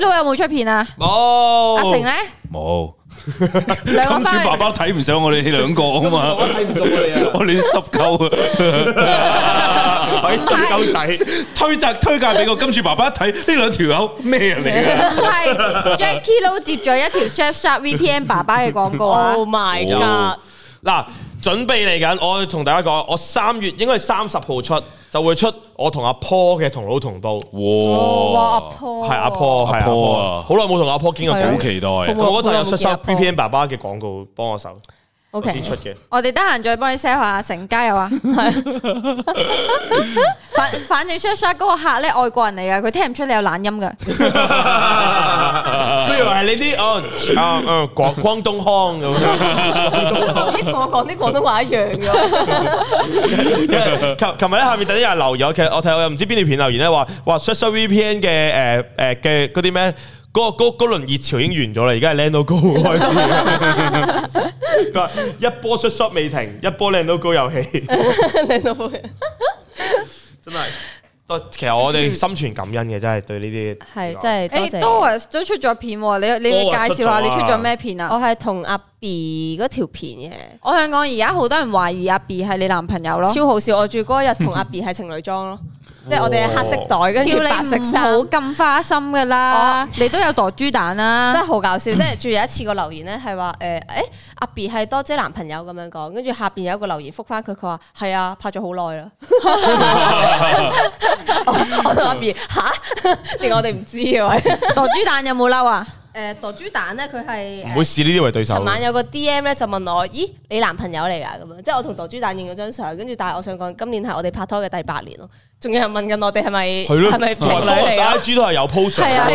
Lou 有冇出片啊？冇。阿成咧？冇。金主爸爸睇唔上我哋兩個啊嘛。我睇唔中你啊，我哋濕溝啊，海市溝仔。推責推介俾個金主爸爸一睇呢兩條友咩嚟啊？唔係，Jacky Lou 接咗一條 Chef Shop VPN 爸爸嘅廣告啊。Oh my god！嗱。準備嚟緊，我要同大家講，我三月應該係三十號出，就會出我同阿 Paul 嘅同阿 Paul 嘅同老同步。哇，係哇阿 Paul，係阿 Paul，係阿 Paul 啊！Paul，好耐冇同阿 Paul 見啦，好、啊、期待。我嗰陣有出三 VPN 爸爸嘅廣告，幫我手。支 Okay, 出嘅，我哋得閒再幫你 search 下成街有啊。反 反正 search 嗰個客咧，外國人嚟嘅，佢聽唔出你有懶音噶。不如話你啲哦哦，廣、嗯、東腔咁。 同我講啲廣東話一樣嘅。琴琴 日咧，下面有啲人留言，我其實我睇我又唔知邊條片留言咧，話話 search VPN 嘅誒誒嘅嗰啲咩，嗰、呃呃嗰個嗰輪熱潮已經完咗啦，而家係靚到高開始。 佢 話一波出出未停，一波靚到高有氣，靚到高真係。其實我哋心存感恩嘅，真係對呢啲係真係。誒、多多、都出咗片，你你介紹下你出咗咩片啊？我係同阿 B 嗰條片嘅。我想講而家好多人懷疑阿 B 係你男朋友咯，超好笑。我住嗰日同阿 B 係情侶裝咯。 即係我哋係黑色袋，跟住白色衫，冇咁花心噶啦。哦、你都有墮豬蛋啦、啊，真係好搞笑。即係仲有一次個留言咧，係話誒誒，阿 B 係多姐男朋友咁樣講，跟住下邊有一個留言復翻佢，佢話係啊，拍咗好耐啦。我同阿 B 吓，連我哋唔知啊喂，墮 豬蛋有冇嬲啊？誒袋、呃、豬蛋咧，佢係唔會視呢啲為對手。尋晚有個 D M 咧就問我：咦、欸，你男朋友嚟㗎？咁啊，即係我同袋豬蛋影咗張相，跟住但係我想講，今年係我哋拍拖嘅第八年咯。仲有人問緊我哋係咪係咯？係咪情侶 I G 都係有 p o 啊，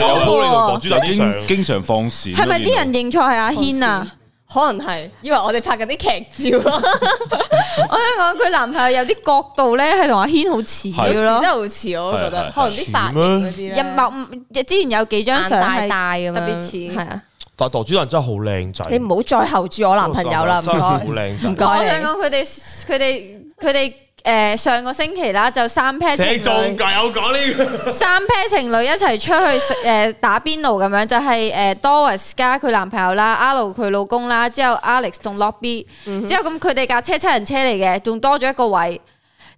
有 pose。豬蛋經經常放閃，係咪啲人認錯係阿軒啊？可能係，因為我哋拍緊啲劇照咯。 我想講佢男朋友有啲角度咧，係同阿軒好似咯，是是，真係好似，我都覺得。是是是，可能啲髮型嗰啲咧，日之前有幾張相大大咁特別似。係啊，但係唐主人真係好靚仔，的你唔好再猴住我男朋友啦，唔該。好 我想講佢哋佢哋佢哋。誒、呃，上個星期啦，就三 pair 情侶，這個、三 pair 情侶一齊出去食誒、呃、 打邊爐咁樣，就係誒 Doris 加佢男朋友啦，Alex 佢老公啦，之後 Alex 仲 Lobby，之後咁佢哋架車七人車嚟嘅，仲多咗一個位，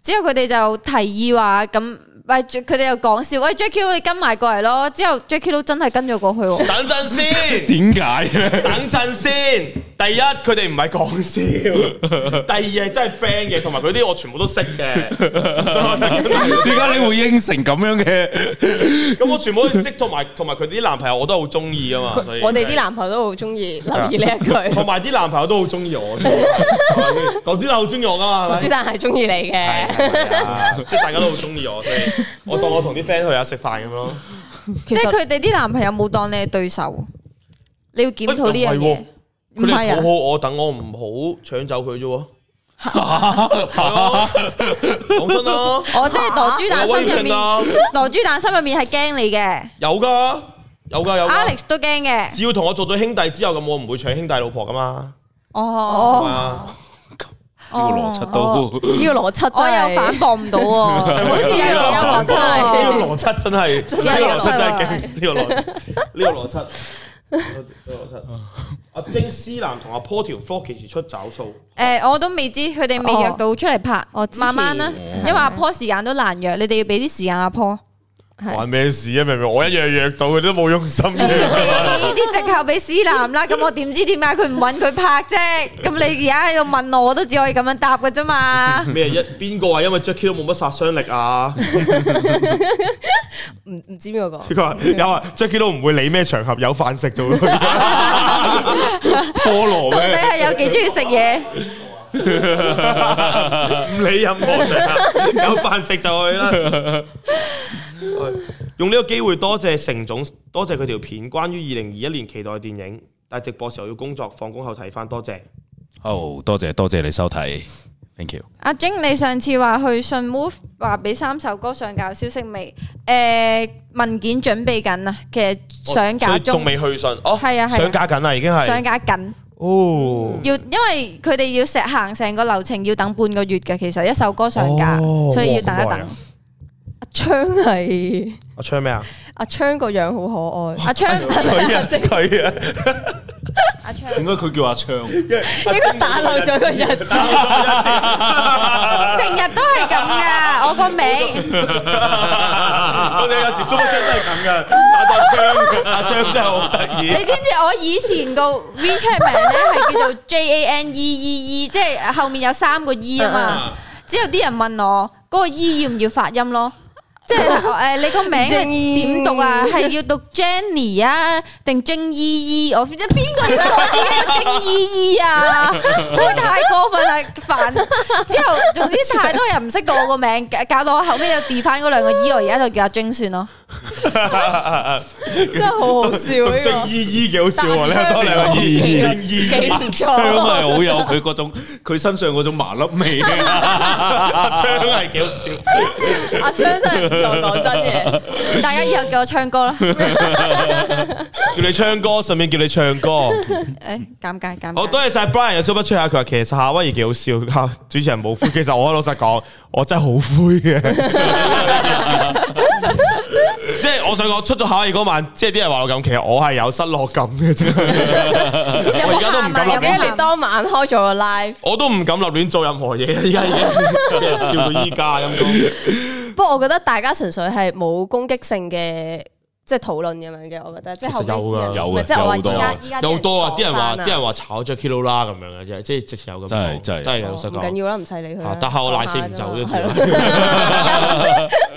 之後佢哋就提議話咁、呃，喂，佢哋又講笑，喂 Jacky 你跟埋過嚟咯，之後 Jacky 都真係跟咗過去等， 等陣先，點解？等陣先。第一佢哋唔係講笑，第二係真係 friend 嘅，同埋佢啲我全部都識嘅。點解你會應承咁樣嘅？咁 我全部都識，同埋同埋佢啲男朋友我都好中意啊嘛。所以我哋啲男朋友都好中意留意呢一句，同埋啲男朋友都好中意我。唐子丹好中意我噶嘛？唐子丹係中意你嘅，即係 大家都好中意我。我當我同啲 friend 去下食飯咁咯。即係佢哋啲男朋友冇當你係對手，你要檢討呢樣嘢。哎佢哋好好，我等我唔好搶走佢啫喎！講真啦、啊，我即係羅豬蛋心入面，羅豬蛋心入面係驚你嘅。有噶有噶有。Alex 都驚嘅。只要同我做咗兄弟之後咁，我唔會搶兄弟老婆噶嘛。哦係啊、喔！呢、喔 呢個邏輯都呢、喔喔呢個邏輯，我又反駁唔到啊！好似有邏輯真係呢個邏輯真係，呢 個邏輯真係驚呢個邏呢個邏輯。阿晶思南同阿坡條科幾時出找數？誒、 啊，我都未知佢哋未約到出嚟拍，哦、我慢慢啦，吧因為阿坡時間都難約，你哋要俾啲時間阿坡。玩咩事啊？明明？我一樣約到佢都冇用心嘅。啲折扣俾思南啦，咁 我點知點解佢唔搵佢拍啫？咁你而家喺度問我，我都只可以咁樣答嘅啫嘛。咩一？邊個話因為 Jacky、er、都冇乜殺傷力啊？唔唔 知邊個講？佢話有啊 ，Jacky、er、都唔會理咩場合，有飯食就會。菠蘿到底係有幾中意食嘢？ 唔 理任何食有飯食就去啦。 用呢個機會多謝丞總，多謝佢條片關於二零二一年期待嘅電影。但係直播時候要工作，放工後睇翻。多謝，好、oh, 多謝多謝你收睇，thank you。阿晶，你上次話去信 move，話俾三首歌上架消息未？誒、呃，文件準備緊啊。其實上架仲未、oh, 去信，哦，係啊，想、啊、架緊啦，已經係上架緊。哦，要因為佢哋要成行成個流程要等半個月嘅。其實一首歌上架，哦、所以要等一等。啊、阿丞係阿丞咩啊？阿丞個樣好可愛，哇阿丞佢啊，即佢啊。阿昌，點解佢叫阿昌，因為應該打漏咗個字，成日都係咁噶，我個名，我、啊、哋 有時蘇德都係咁噶，阿德昌，阿德昌真係好得意。你知唔知我以前個 WeChat 名咧係叫做 Janee，、e e, 即係後面有三個 E 啊嘛，之後啲人問我嗰個 E 要唔要發音咯？即係誒，你個名點讀啊？係要讀 Jenny 啊，定 Jenny 我即係邊個要改自己 Jenny 啊？因太過分啦，煩。之後總之太多人唔識讀我個名，搞到我後尾又掉翻嗰兩個 E，我而家就叫阿 Jen 算咯。真係好好笑呢個 Jenny 幾好笑啊！你阿哥兩個 E，Jenny 麻真係好有佢嗰種，佢身上嗰種麻粒味。阿丞係幾好笑，阿丞真係。講真嘅，大家以後叫我唱歌啦， 叫你唱歌，順便叫你唱歌。誒、欸，尷尬尷尬、哦。多謝晒 Brian 有笑不出下，佢話其實夏威夷幾好笑。吓，主持人冇灰，其實我老實講，我真係好灰嘅。即係 我想講出咗夏威夷嗰晚，即係啲人話我咁，其實我係有失落感嘅。真係， 我而家都唔敢。你當晚開咗個 live，我都唔敢立亂做任何嘢。依家嘢俾人笑到依家咁。不過我覺得大家純粹係冇攻擊性嘅，即係討論咁樣嘅。我覺得即係有邊唔係即係我話依家依家有好多啊，啲人話啲人話炒咗 kilo 啦咁樣嘅，即係即係之前有咁講。真係真係真係唔緊要啦，唔使理佢。但係我賴死唔走啫。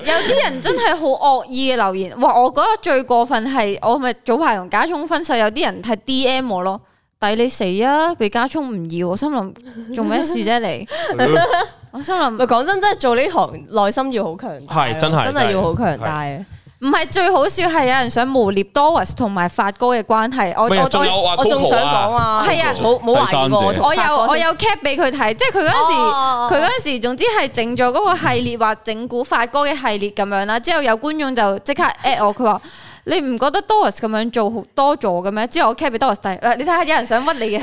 有啲人真係好惡意嘅留言，話我覺得最過分係我咪早排同嘉聰分手，有啲人係 D M 我咯，抵你死啊！畀嘉聰唔要，我心諗做咩事啫你？我，我心諗，咪講真，真係做呢行，內心要好強大，真係的，真係要好強大。唔係，最好笑係有人想污蔑 Doris 同埋發哥嘅關係，我我仲想講啊，係帶啊，冇冇懷疑我，我有我有 cap 俾佢睇，即係佢嗰時佢嗰時，哦、時總之係整咗嗰個系列或整蠱發哥嘅系列咁樣啦，之後有觀眾就即刻 at 我，佢話。你唔覺得 Doris 咁樣做好多咗嘅咩？之後我 cap 俾 Doris 睇，你睇下有人想屈你嘅。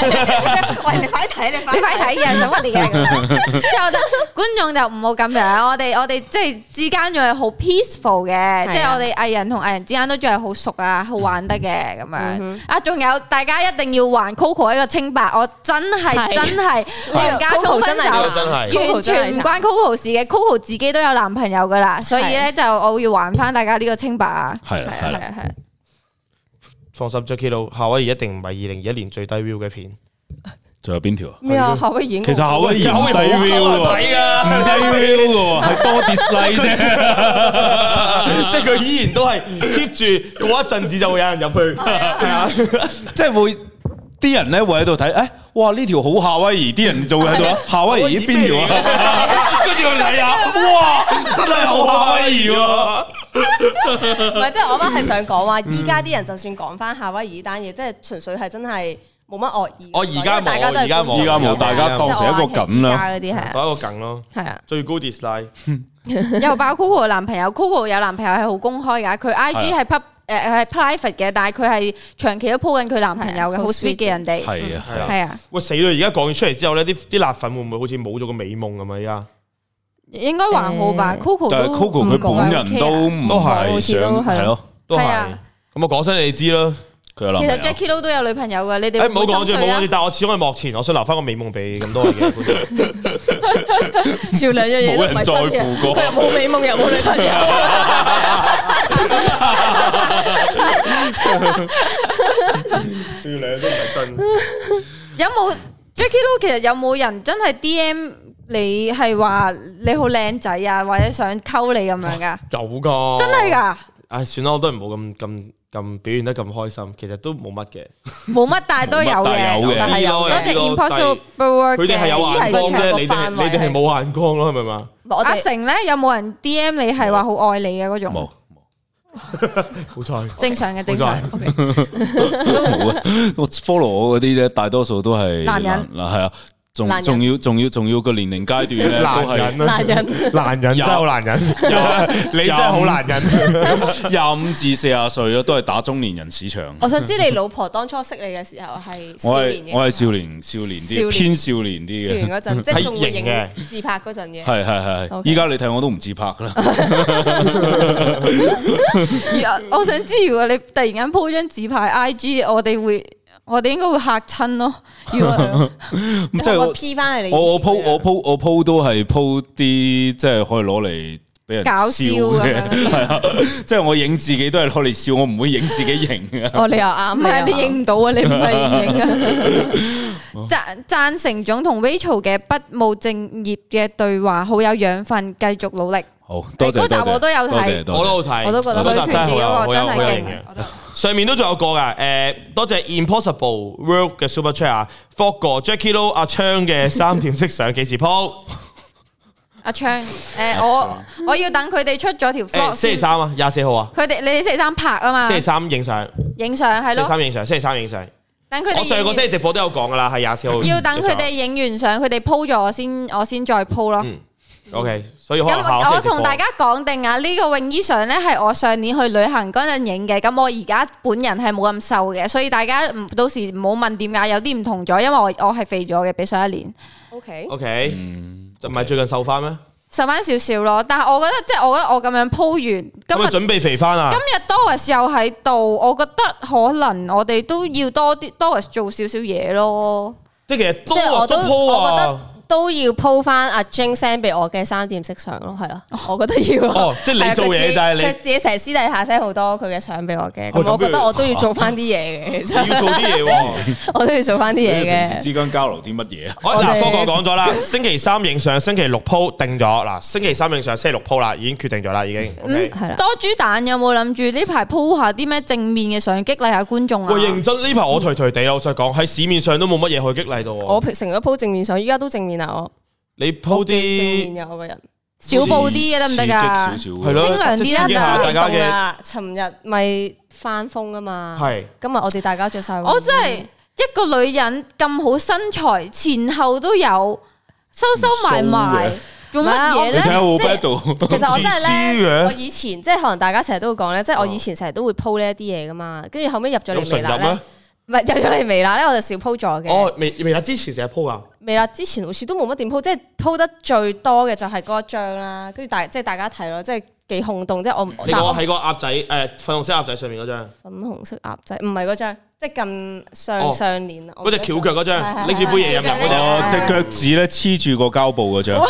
喂，你快睇你快睇，有人想屈你嘅。即係我覺得觀眾就唔好咁樣，我哋我哋即係之間仲係好 peaceful 嘅，即係我哋藝人同藝人之間都仲係好熟啊，好玩得嘅咁樣。啊，仲有大家一定要還 Coco 一個清白，我真係真係，楊家真係完全唔關 Coco 事嘅，Coco 自己都有男朋友噶啦，所以咧就我要還翻大家呢個清白啊。係啦，放心，Jacky Lou 夏威夷一定唔係二零二一年最低 view 嘅片，仲有邊條啊？唔係啊，夏威夷，其實夏威夷好 high view 啊，唔低 view 噶，係多 dislike 啫，即係佢依然都係 keep 住過一陣子就會有人入去，即係會。啲人咧會喺度睇，誒，哇！呢條好夏威夷，啲人做會喺度啊？夏威夷邊條啊？跟住去睇啊！哇，真係好夏威夷喎！唔係，即係我媽係想講話，依家啲人就算講翻夏威夷呢單嘢，即係純粹係真係冇乜惡意。我而家冇，大家都而家冇，大家當成個梗啦，寫個梗咯，係啊。最高 dislike 又爆 Coco 男朋友，Coco 有男朋友係好公開噶，佢 I G 係 pop。誒係 private 嘅，但係佢係長期都 po 緊佢男朋友嘅，好 sweet 嘅人哋。係啊，係啊，係啊。喂死啦！而家講完出嚟之後咧，啲啲辣粉會唔會好似冇咗個美夢咁啊？依家應該還好吧。Coco 都唔講人都唔係想係都係啊。咁我講聲你知啦。其實 Jacky 都都有女朋友㗎，你哋唔好講住，冇。但係我始終係幕前，我想留翻個美夢俾咁多嘢。照兩樣嘢，冇人在乎過，佢又冇美夢，又冇女朋友。仲有啲唔係真。有冇 Jacky Lou？其實有冇人真係 DM 你，係話你好靚仔啊，或者想溝你咁樣噶？有噶，真係噶。唉，算啦，我都唔好咁咁咁表現得咁開心，其實都冇乜嘅。冇乜，但係都有嘅，係有。有啲 impossible work 嘅，呢個係一個範圍。你哋係冇眼光咯，係咪嘛？阿丞咧，有冇人 DM 你係話好愛你嘅嗰種？冇。.好彩，正常嘅正常。我 follow 我嗰啲咧，大多數都係男人。嗱，係啊。仲要仲要仲要個年齡階段咧，都係男人，男人，男人真係好男人，你真係好男人，廿五至四十歲咯，都係打中年人市場。我想知你老婆當初識你嘅時候係，少年？我係少年少年啲，偏少年啲嘅。自拍嗰陣嘅，係係係，依家你睇我都唔自拍啦。我想知如果你突然間 po 張自拍 IG，我哋會。我哋應該會嚇親咯，如果 即係我 P 翻係我，我 po 我 po 我 po 都係 po 啲，即係可以攞嚟。搞笑嘅，即係我影自己都係攞嚟笑，我唔會影自己型啊！哦，你又啱，你影唔到啊！你唔係影啊！贊贊成總同 Rachel 嘅不務正業嘅對話，好有養分，繼續努力。好多集我都有睇，我都好睇，我都覺得佢真係好有型。上面都仲有個嘅，誒，多謝 Impossible World 嘅 Super Chat 啊，Fogg Jacky Lou 阿丞嘅三點式相，幾時鋪？阿昌，誒、呃， 我我要等佢哋出咗條。誒、欸，星期三啊，廿四號啊。佢哋你哋星期三拍啊嘛。星期三影相。影相係咯。星期三影相，星期三影相。等佢哋。我上個星期直播都有講噶啦，係廿四號。要等佢哋影完相，佢哋 po 咗我先，我先再 po 咯。嗯、o、okay, K，所以、嗯、我同大家講定啊，呢、這個泳衣相咧係我上年去旅行嗰陣影嘅。咁我而家本人係冇咁瘦嘅，所以大家唔到時唔好問點解有啲唔同咗，因為我我係肥咗嘅比上一年。O K，O K，就唔係最近瘦翻咩？瘦翻少少咯，但係我覺得即係、就是、我覺得我咁樣鋪完，今日，是是準備肥翻啊？今日多 o r 又喺度，我覺得可能我哋都要多啲 多 o r 做少少嘢咯。即係其實我多啊，都鋪啊。都要 po 翻阿 Jane send 俾我嘅三點式相咯，係啦，我覺得要。哦，即係你做嘢就係你自己成日私底下 send 好多佢嘅相俾我嘅，我覺得我都要做翻啲嘢嘅。要做啲嘢，我都要做翻啲嘢嘅。之間交流啲乜嘢啊？嗱，科哥講咗啦，星期三影相，星期六 po 定咗。嗱，星期三影相，星期六 po 啦，已經決定咗啦，已經。嗯，多豬蛋有冇諗住呢排 po 下啲咩正面嘅相激勵下觀眾啊？喂，認真呢排我頹頹地啦，我實講喺市面上都冇乜嘢可以激勵到啊。我成日都 po 正面相，依家都正面。嗱，你鋪啲面有個人，少鋪啲得唔得噶？係咯，清涼啲啦。大家嘅，尋日咪翻風啊嘛，係。今日我哋大家着晒，我真係一個女人咁好身材，前後都有收收埋埋，做乜嘢咧？其實我真係咧，我以前即係可能大家成日都會講咧，即係我以前成日都會鋪呢一啲嘢噶嘛，跟住後尾入咗嚟未啦？唔係有咗你微辣？咧我就少 po 咗嘅。哦，微辣啦，微辣之前成日 po 啊？微辣之前好似都冇乜點 po，即係 po 得最多嘅就係嗰一張啦。跟住大，即係大家睇咯，即係幾轟動。即係我唔。係個係個鴨仔，誒、嗯，粉紅色鴨仔上面嗰張。粉紅色鴨仔，唔係嗰張，即係近上、哦、上年。嗰隻翹腳嗰張，拎住杯嘢飲飲嗰隻腳趾咧，黐住個膠布嗰張。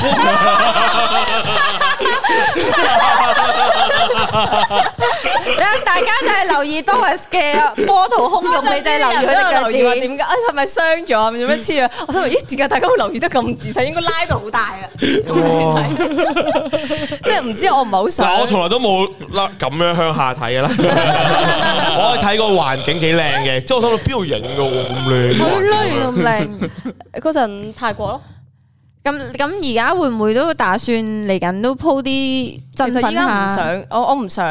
等大家就係留意 Doris 嘅波濤洶湧，你就係留意佢哋留意話，點解？係咪傷咗？做咩黐咗？我心諗，咦，點解大家會留意得咁仔細？應該拉到好大啊！即係唔知我唔係好想，我從來都冇拉咁樣向下睇噶啦。我係睇個環境幾靚嘅，即係我睇到邊度影噶喎，好靚，咁靚嗰陣泰國咯。咁咁而家會唔會都打算嚟緊都鋪啲振奮下？我我唔想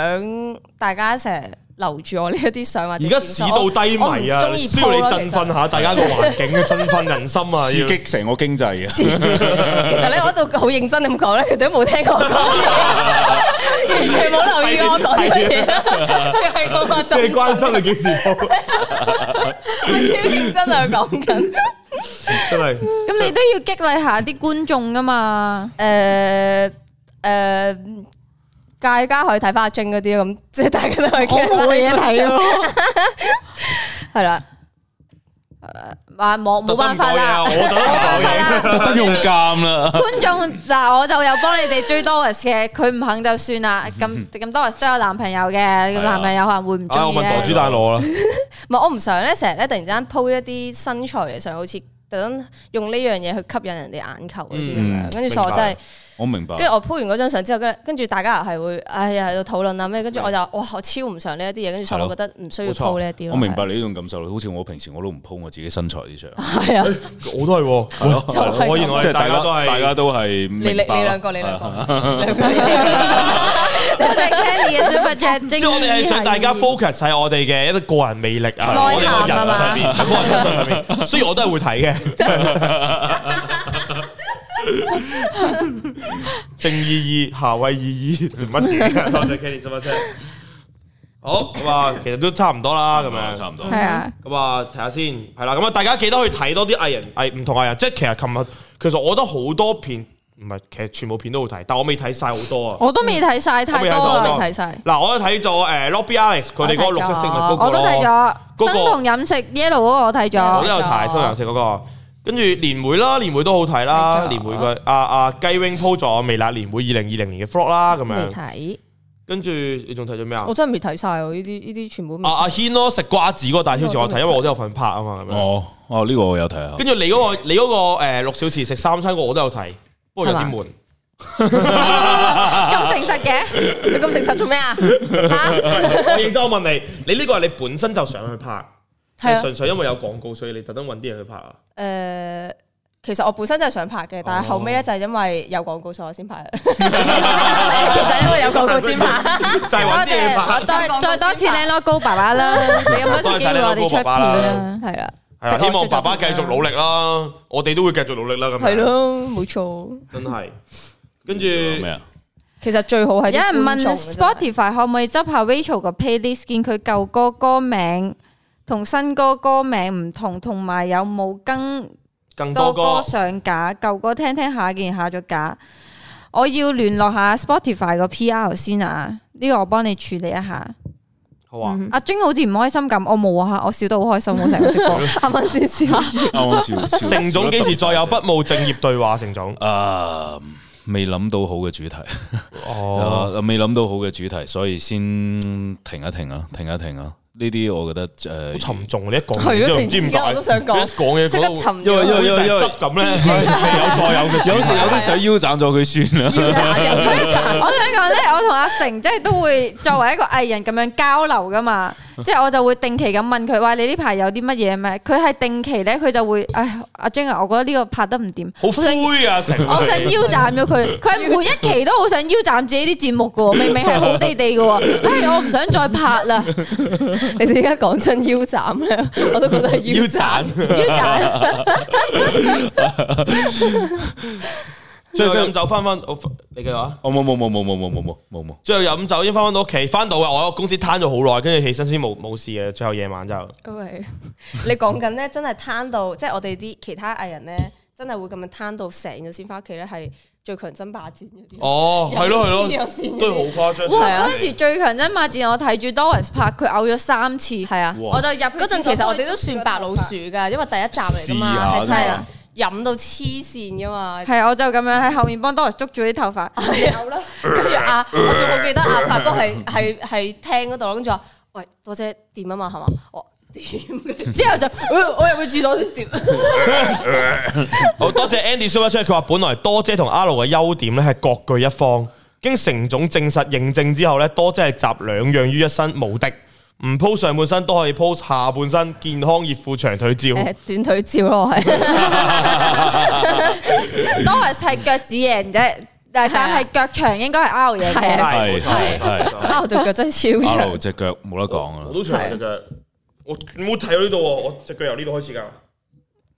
大家成日留住我呢一啲相啊。而家市道低迷啊，舒你振奮下大家個環境，振奮人心啊，刺激成個經濟啊。其實你嗰度好認真咁講咧，佢哋都冇聽我講嘢，完全冇留意我講嘅嘢。係我乜？即係關心你幾時？我真係講緊。 真係是，咁 你都要激勵下啲觀眾㗎嘛？誒誒、呃呃，大家可以睇翻阿正嗰啲，咁即係大家都可以冇嘢睇，係啦。 誒，冇冇辦法啦得得，我都 得得用監眾 啦。觀眾嗱，我就有幫你哋追多 o u g 嘅，佢唔肯就算啦。咁咁 d o u 都有男朋友嘅，你 男朋友可能會唔中意咧。我唔 想煮蛋我啦，唔係我唔想咧，成日咧突然之間 p 一啲身材嘅上好似。等用呢樣嘢去吸引人哋眼球嗰啲咁樣，跟住所以我真係我明白。跟住我 po 完嗰張相之後，跟住大家又係會，哎呀，喺度討論啊咩，跟住我就，哇超唔想呢一啲嘢，跟住所以我覺得唔需要 po 呢一啲。我明白你呢種感受，好似我平時我都唔 po 我自己身材啲相。我都係，係大家都係，大家都係。你你兩個你兩個。即係 k 我哋係想大家 focus 晒我哋嘅一個個人魅力啊，所以，我都係會睇嘅。 正義義夏威夷義乜嘢？多謝 Kenny，多謝。 好，咁啊，其實都差唔多啦。咁樣差唔多係啊。咁啊，睇下先。係啦，咁啊，大家記得去睇多啲藝人，藝，唔同藝人。即係其實琴日，其實我覺得好多片。唔係，其實全部片都好睇，但我未睇晒好多啊！我都未睇晒太多，都未睇晒。嗱，我都睇咗誒 Lobby Alex 佢哋嗰個綠色星嘅嗰個我都睇咗。新同飲食 Yellow 嗰個我睇咗。我都有睇新同飲食嗰個。跟住年會啦，年會都好睇啦。年會個啊阿雞 wing 鋪咗未啦？年會二零二零年嘅 Vlog 啦，咁樣。未睇。跟住你仲睇咗咩啊？我真係未睇晒喎！呢啲呢啲全部阿阿軒咯，食瓜子嗰個大超市我睇，因為我都有份拍啊嘛。咁樣哦哦，呢個我有睇。跟住你嗰個你嗰個六小時食三餐個我都有睇。不過有啲悶，咁誠實嘅，你咁誠實做咩啊？我認真，我問你，你呢個係你本身就想去拍，係純粹因為有廣告，所以你特登搵啲嘢去拍啊？誒，其實我本身就係想拍嘅，但係後尾咧就係因為有廣告所以我先拍，就係因為有廣告先拍。多謝，多再多次靚女高爸爸啦，你咁多次叫我哋出片啦，係啦。希望爸爸繼續努力啦，我哋都會繼續努力啦。咁係咯，冇錯。真係，跟住其實最好係有人問 Spotify 可唔可以執下 Rachel 個 playlist，見佢舊歌歌名同新歌歌名唔同，同埋有冇更更多歌上架？舊歌聽聽下，見下咗架。我要聯絡下 Spotify 個 PR 先啊，呢個我幫你處理一下。阿 Jane 好似唔開心咁，我冇啊，我笑得好開心，我成日直播。啱啱先笑，丞總幾時再有不務正業對話？丞總啊，未諗到好嘅主題，哦，未諗到好嘅主題，所以先停一停啊，停一停啊。呢啲我覺得誒，好沉重。你一講，唔知我都想講，一講嘢即刻沉。因為因為因為即咁咧，未有再有，嘅。有時有啲想腰斬咗佢算啦。我同阿成即係都會作為一個藝人咁樣交流噶嘛，即係我就會定期咁問佢，喂，你呢排有啲乜嘢咩？佢係定期咧，佢就會，唉，阿晶我覺得呢個拍得唔掂，好灰啊！成想，我想腰斬咗佢，佢每一期都好想腰斬自己啲節目噶，明明係好地地噶，唉，我唔想再拍啦。 你哋而家講真腰斬咧，我都覺得係腰斬，腰斬。最後飲酒翻翻，你記下。冇冇冇冇冇冇冇冇冇冇。最後飲酒已經翻翻到屋企，翻到啊！我喺公司攤咗好耐，跟住起身先冇冇事嘅。最後夜晚就，因 你講緊咧，真係攤到，即係我哋啲其他藝人咧，真係會咁樣攤到醒咗先翻屋企咧，係最強爭霸戰嗰啲。哦，係咯係咯，都係好誇張。哇！嗰時最強爭霸戰，我睇住 Doris 拍，佢嘔咗三次，係啊，我就入嗰陣，其實我哋都算白老鼠㗎，因為第一集嚟㗎嘛，係嘗啊。飲到黐線噶嘛，係，我就咁樣喺後面幫多羅捉住啲頭髮，啊、有啦，跟住啊，我仲好記得阿發哥係係係廳嗰度跟住話，喂多姐掂啊嘛，係嘛，我掂？之 後就我入去廁所先掂。 好多謝 Andy Superchat 佢話本來多姐同阿 L 嘅優點咧係各據一方，經成種證實認證之後咧，多姐係集兩樣於一身無，無敵。唔 po 上半身都可以 po 下半身，健康熱褲長腿照，短腿照咯。係，都係砌腳趾型啫，但係腳長應該係拗嘢嘅，係係拗就腳真係超長，隻腳冇得講啊，好長隻腳，我唔好睇到呢度啊，我隻腳由呢度開始噶，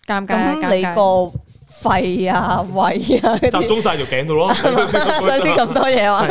尷尬，咁你個？肺啊，胃啊，集中晒條頸度咯。想知咁多嘢嘛？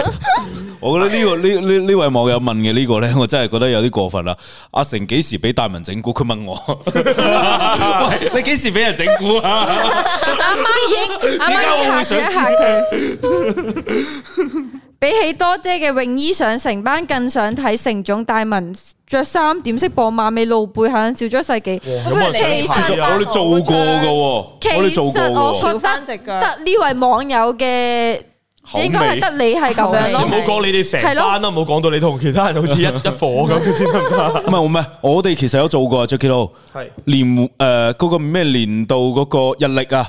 我覺得呢個呢呢呢位網友問嘅呢個咧，我真係覺得有啲過分啦。阿成幾時俾大文整蠱？佢問我， 喂，你幾時俾人整蠱啊？阿媽已經，阿媽已經嚇住嚇佢。比起多姐嘅泳衣上成班，更想睇成種大文着衫點識播馬尾露背響笑咗世紀。其實我哋做過嘅，我其實我覺得得呢位網友嘅，應該係得你係咁樣咯。唔好講你哋成班都冇好講到你同其他人好似一火一伙咁先啦。唔係唔係，我哋其實有做過 Jacky Lou 係年誒嗰，呃那個咩年度嗰個日曆啊。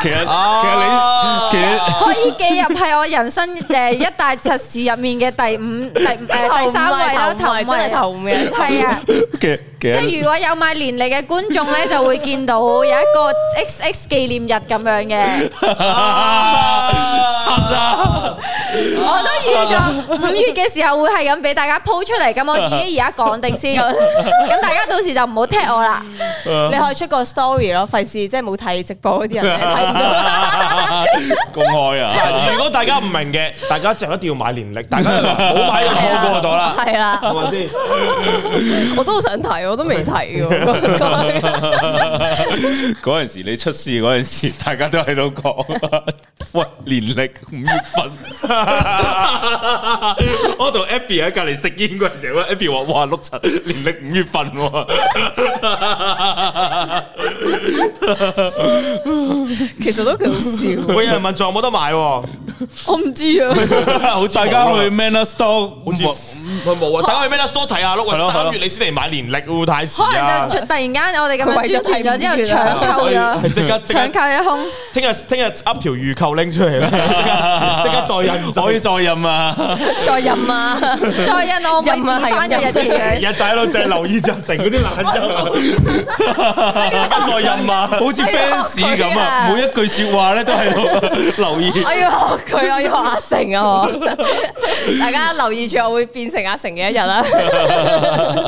其實，其實你其實可以記入係我人生誒一大實事入面嘅第五、第誒第三位啦，頭位、後尾係啊。即係如果有買年曆嘅觀眾咧，就會見到有一個 XX 紀念日咁樣嘅。真啊！我都預咗五月嘅時候會係咁俾大家 po 出嚟咁，我已經而家講定先咗。咁大家到時就唔好踢我啦。你可以出個 story 咯，費事即係冇睇直播嗰啲人。 公開啊！如果大家唔明嘅，大家就一定要買年曆，大家唔好買，就錯過咗啦。係啦、啊，係咪先 我？我都好想睇，我都未睇嗰陣時你出事嗰陣時，大家都喺度講：喂，年曆五月份。哈哈 我同 Abby 喺隔籬食煙嗰陣時，阿 Abby 話：哇，六七年曆五月份、啊。 其實都幾好笑，有人問仲有冇得買？我唔知啊，大家去 Manner Store 好似冇啊，等去 Manner Store 睇下咯。三月你先嚟買年曆，太遲啊！可能就突然間我哋咁樣宣傳咗之後搶購啦，搶購一空。聽日聽日 up 條預購拎出嚟啦，即刻即刻再任，可以再任啊，再任啊，再任我唔係今日嘅嘢，日仔佬度淨係留意就成嗰啲懶音。而家再任啊，好似 fans 咁啊！每一句說話咧都係留意， 我要學佢，我要學阿成啊！ 大家留意住，我會變成阿成嘅一日啦，啊。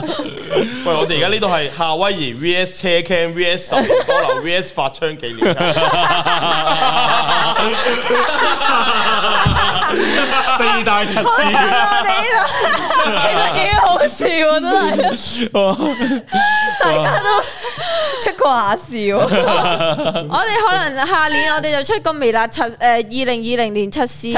喂，我哋而家呢度係夏威夷 V S 車 Ken V S 少年江流 V S 發槍紀念， 四大七事，我哋呢度其實幾好笑啊，真係。大家都出過下笑，我哋可能下年我哋就出個微辣測，誒，二零二零年測試，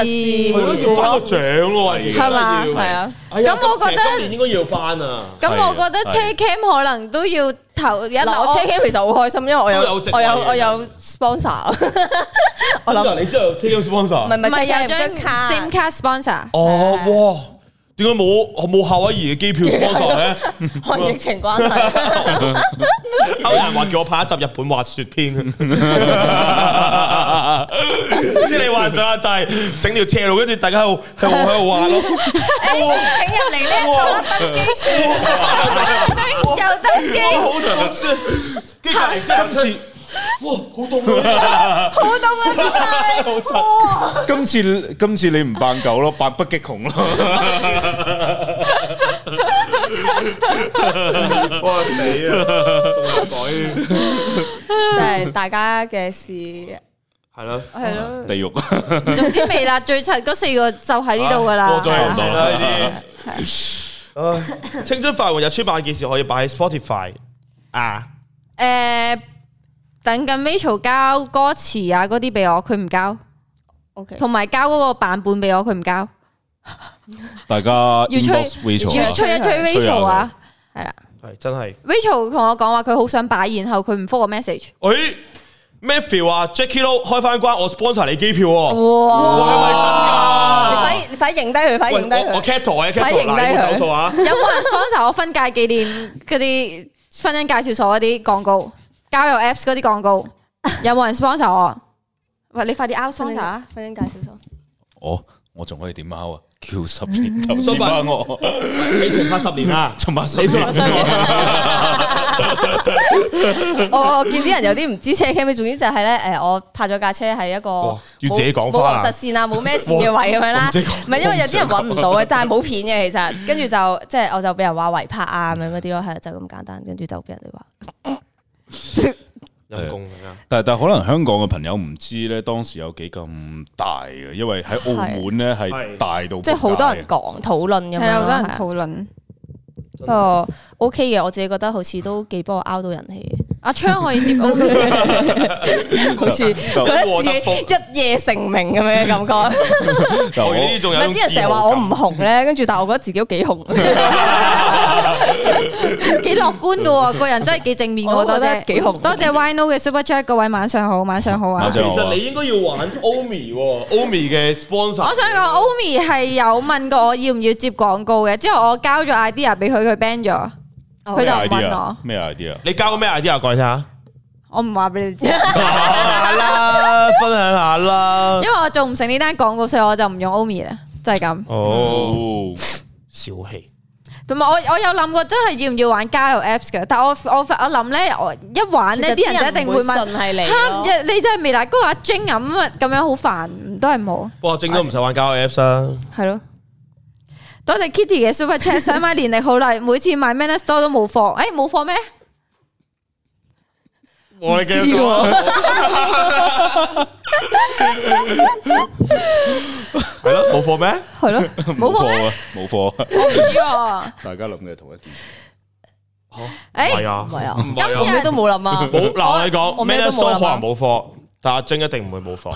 要頒個獎咯，係嘛？係啊。咁我覺得今年應該要頒啊，咁我覺得車 cam 可能都要投一，我車 cam 其實好開心，因為我有我有我有 sponsor，我諗你知道車 cam sponsor，唔係唔係有張 sim card sponsor，哦，哇。點解冇冇夏威夷嘅機票幫助咧？看 疫情關係。有人話叫我拍一集日本滑雪片。好 你幻想就係整條斜路，跟住大家喺喺度喺度玩咯。請人嚟咧，坐直升機，又登機，好得意。哇，好凍啊！好凍啊！真係哇！今次今次你唔扮狗咯，扮北極熊咯！哇死啊！仲有改，即係大家嘅事係咯係咯，地獄。總之未啦，最柒嗰四個就喺呢度噶啦，過咗又多啦呢啲。誒，青春快活日出版嘅件事可以擺喺 Spotify 啊？誒。等緊 Rachel 交歌詞啊，嗰啲俾我，佢唔交。O K，同埋交嗰個版本俾我，佢唔交。大家要吹 Rachel，要吹一吹 Rachel 啊，係啊，係真係。Rachel 同我講話佢好想擺，然後佢唔復我 message。誒，Matthew 啊，Jacky Lou 開翻關，我 sponsor 你機票。哇，係咪真噶？快快認低佢，快認低佢。我 Cater 嘅 Cater，有冇走數啊？有冇人 sponsor 我分界紀念嗰啲婚姻介紹所嗰啲廣告？交友 apps 嗰啲廣告，有冇人 sponsor 我？喂， 你快啲 outshow 啊！快啲介紹下。問問我仲可以點 out 啊？叫十年咁，你十年我以前拍十年啦，仲拍十年。我我見啲人有啲唔知車 key，總之就係咧，誒，我拍咗架車係一個要自己講翻啊，冇實線啊，冇咩事嘅位咁樣啦。唔係因為有啲人搵唔到嘅，但係冇片嘅其實，跟住就即係、就是、我就俾人話違拍啊咁、就是、樣嗰啲咯，係就咁簡單，跟住就俾人哋話。有工啊！但係但可能香港嘅朋友唔知咧，當時有幾咁大嘅，因為喺澳門咧係大到即係好多人講討論咁，係啊，好多人討論。不過是，OK 嘅，我自己覺得好似都幾幫我 out 到人氣。的阿丞可以接屋，okay、 好似覺得自己一夜成名咁樣嘅感覺。有啲 好人成日話我唔紅咧，跟住 但係我覺得自己都幾紅。 幾樂觀噶喎，個人真係幾正面，我覺得幾好。多謝 Yno 嘅 Super Chat，各位晚上好，晚上好啊。其實你應該要玩 Omi，Omi 嘅 sponsor。我想講 Omi 係有問過我要唔要接廣告嘅，之後我交咗 idea 俾佢，佢 ban 咗，佢就問我咩 idea？你交個咩 idea 講下？我唔話俾你知啦，分享下啦。因為我做唔成呢單廣告，所以我就唔用 Omi 啦，就係咁。哦，小氣。同埋我我有諗過真係要唔要玩交友 apps 嘅，但係我我我諗咧，我一玩咧，啲人就一定會問，你真係未嚟？嗰個阿晶咁咁樣好煩，都係冇。不過晶都唔使玩交友 apps 啊。係咯，多謝 Kitty 嘅 Super Chat，想買年曆好耐，每次買 Manner Store 都冇貨，誒冇貨咩？我哋驚過，係咯冇貨咩？係咯冇貨啊！冇貨，唔知啊！大家諗嘅同一件事吓，誒呀，唔係啊，今日都冇諗啊！冇，嗱我講，我咩都冇諗，可能冇貨，但阿晶一定唔會冇貨。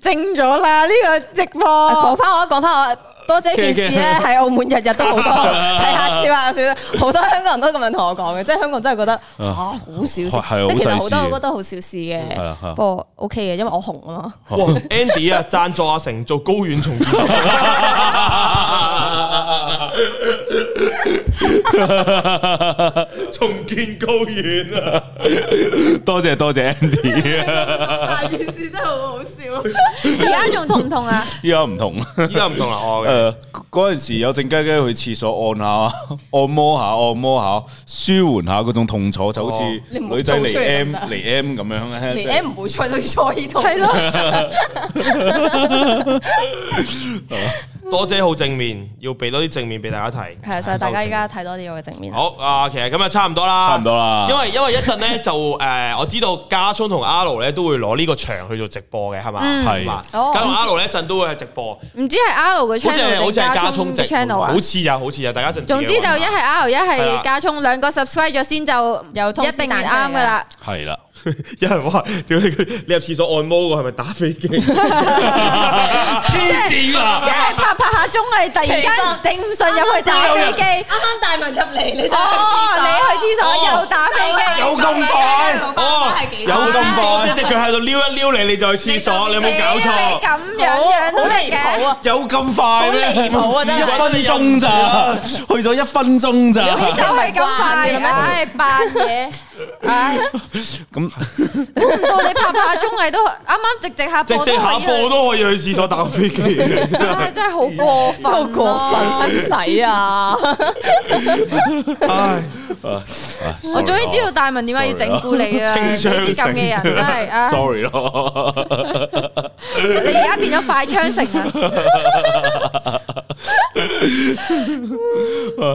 正咗啦，呢個直播，講翻我，講翻我。多謝件事咧，喺澳門日日都好多睇 下笑下笑，好多香港人都咁樣同我講嘅，即係香港真係覺得啊、啊啊、好小事，啊、即係其實好多，我覺得好小事嘅。不過、啊啊、OK 嘅，因為我紅啊嘛。啊哇，Andy 啊，贊助阿丞 做高遠重組。 重見高遠啊！多謝多謝 Andy，大件事真係好好笑。而家仲痛唔痛啊？依家唔痛，依家唔痛啦我。誒，嗰陣時有靜雞雞去廁所按下，按摩下，按摩下，舒緩下嗰種痛楚，就好似女仔嚟 M 嚟 M 咁樣咧。嚟 M 唔會坐到坐椅痛。係咯。多姐好正面。俾多啲正面俾大家睇，係啊，所以大家依家睇多啲我嘅正面。好啊，其實咁啊，差唔多啦，差唔多啦。因為因為一陣咧就誒，我知道加聰同 Al 咧都會攞呢個場去做直播嘅，係嘛係嘛。加同 Al 一陣都會去直播，唔知係 Al 嘅 channel 定加聰嘅 channel 啊？好似又好似又大家陣，總之就一係 Al 一係加聰兩個 subscribe 咗先就又一定難啱噶啦，係啦。 有人話屌你，你入廁所按摩喎，係咪打飛機？黐 線啊！一係拍拍下綜藝，突然間頂唔順入去打飛機。啱啱大文入嚟，你先去廁所，哦。你去廁所、哦、又打飛機，哦、有咁台。哦有咁快，即係佢喺度撩一撩你，你就去廁所，你有冇搞錯？咁樣樣都嚟嘅，有咁快咧？好離譜啊！真係一分鐘咋，去咗一分鐘咋？你走係咁快，咁樣扮嘢，咁我唔同你拍下綜藝都啱啱直直下，直直下播都可以去廁所打飛機，真係真係好過分，過分使啊！唉，我終於知道大文點解要整蠱你啦～啲咁嘅人都係啊，sorry 咯。你而家變咗快槍城啦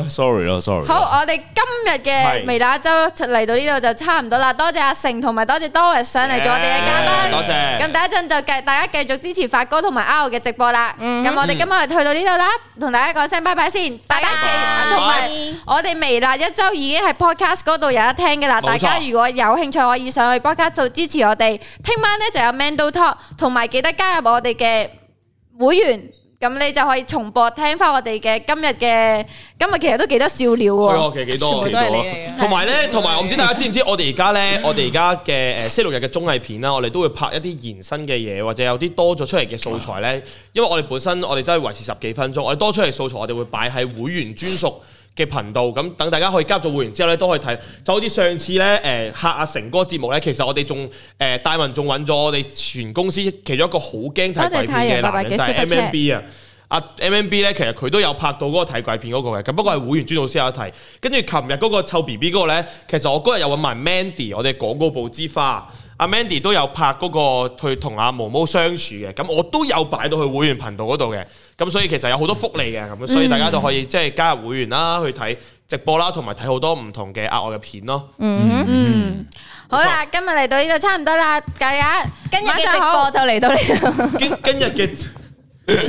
！Sorry 咯，Sorry。好，我哋今日嘅微辣一周嚟到呢度就差唔多啦，多謝阿成同埋多謝 Doris 上嚟做我哋嘅嘉賓，多謝。咁第一陣就繼大家繼續支持發哥同埋 R 嘅直播啦。咁我哋今日去到呢度啦，同大家講聲拜拜先。拜拜。同埋我哋微辣一周已經喺 Podcast 嗰度有得聽嘅啦。大家如果有興趣，可以上去 Podcast 度支持我哋。聽晚咧就有 Mando Talk，同埋記得。加入我哋嘅會員，咁你就可以重播聽翻我哋嘅今日嘅今日其實都幾多笑料嘅，幾多同埋呢？同埋我唔知大家知唔知我哋而家呢，嗯、我哋而家嘅誒星期六日嘅綜藝片啦，我哋都會拍一啲延伸嘅嘢，或者有啲多咗出嚟嘅素材呢。因為我哋本身我哋都係維持十幾分鐘，我哋多出嚟素材我哋會擺喺會員專屬。嗯嘅頻道，咁等大家可以加入做會員之後咧，都可以睇，就好似上次咧誒、呃、客阿丞哥節目咧，其實我哋仲誒戴文仲揾咗我哋全公司其中一個好驚睇鬼片嘅男人，人就係 M M B 啊，阿 M M B 咧其實佢都有拍到嗰個睇鬼片嗰個嘅，咁不過係會員專老師有得睇，跟住琴日嗰個臭 B B 嗰個咧，其實我嗰日又揾埋 Mandy，我哋廣告部之花。阿 Mandy 都有拍嗰、嗰個去同阿毛毛相處嘅，咁我都有擺到去會員頻道嗰度嘅，咁所以其實有好多福利嘅，咁、嗯、所以大家就可以即係加入會員啦，去睇直播啦，同埋睇好多唔同嘅額外嘅片咯。嗯，嗯，好啦吧，今日嚟到呢度差唔多啦，今日今日嘅直播就嚟到呢度啦。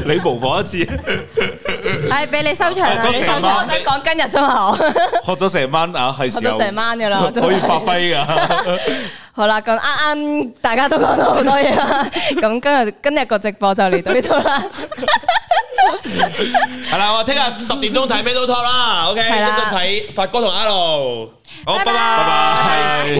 你模仿一次，係俾你收場啦！學咗成晚，我想講今日啫嘛，學咗成晚啊，係學咗成晚噶啦，可以發揮噶。好啦，咁啱啱大家都講到好多嘢啦，咁今日今日個直播就嚟到呢度啦。係啦，我聽日十點鐘睇咩都 Talk 啦，OK，一陣睇發哥同阿路，好，拜拜拜拜。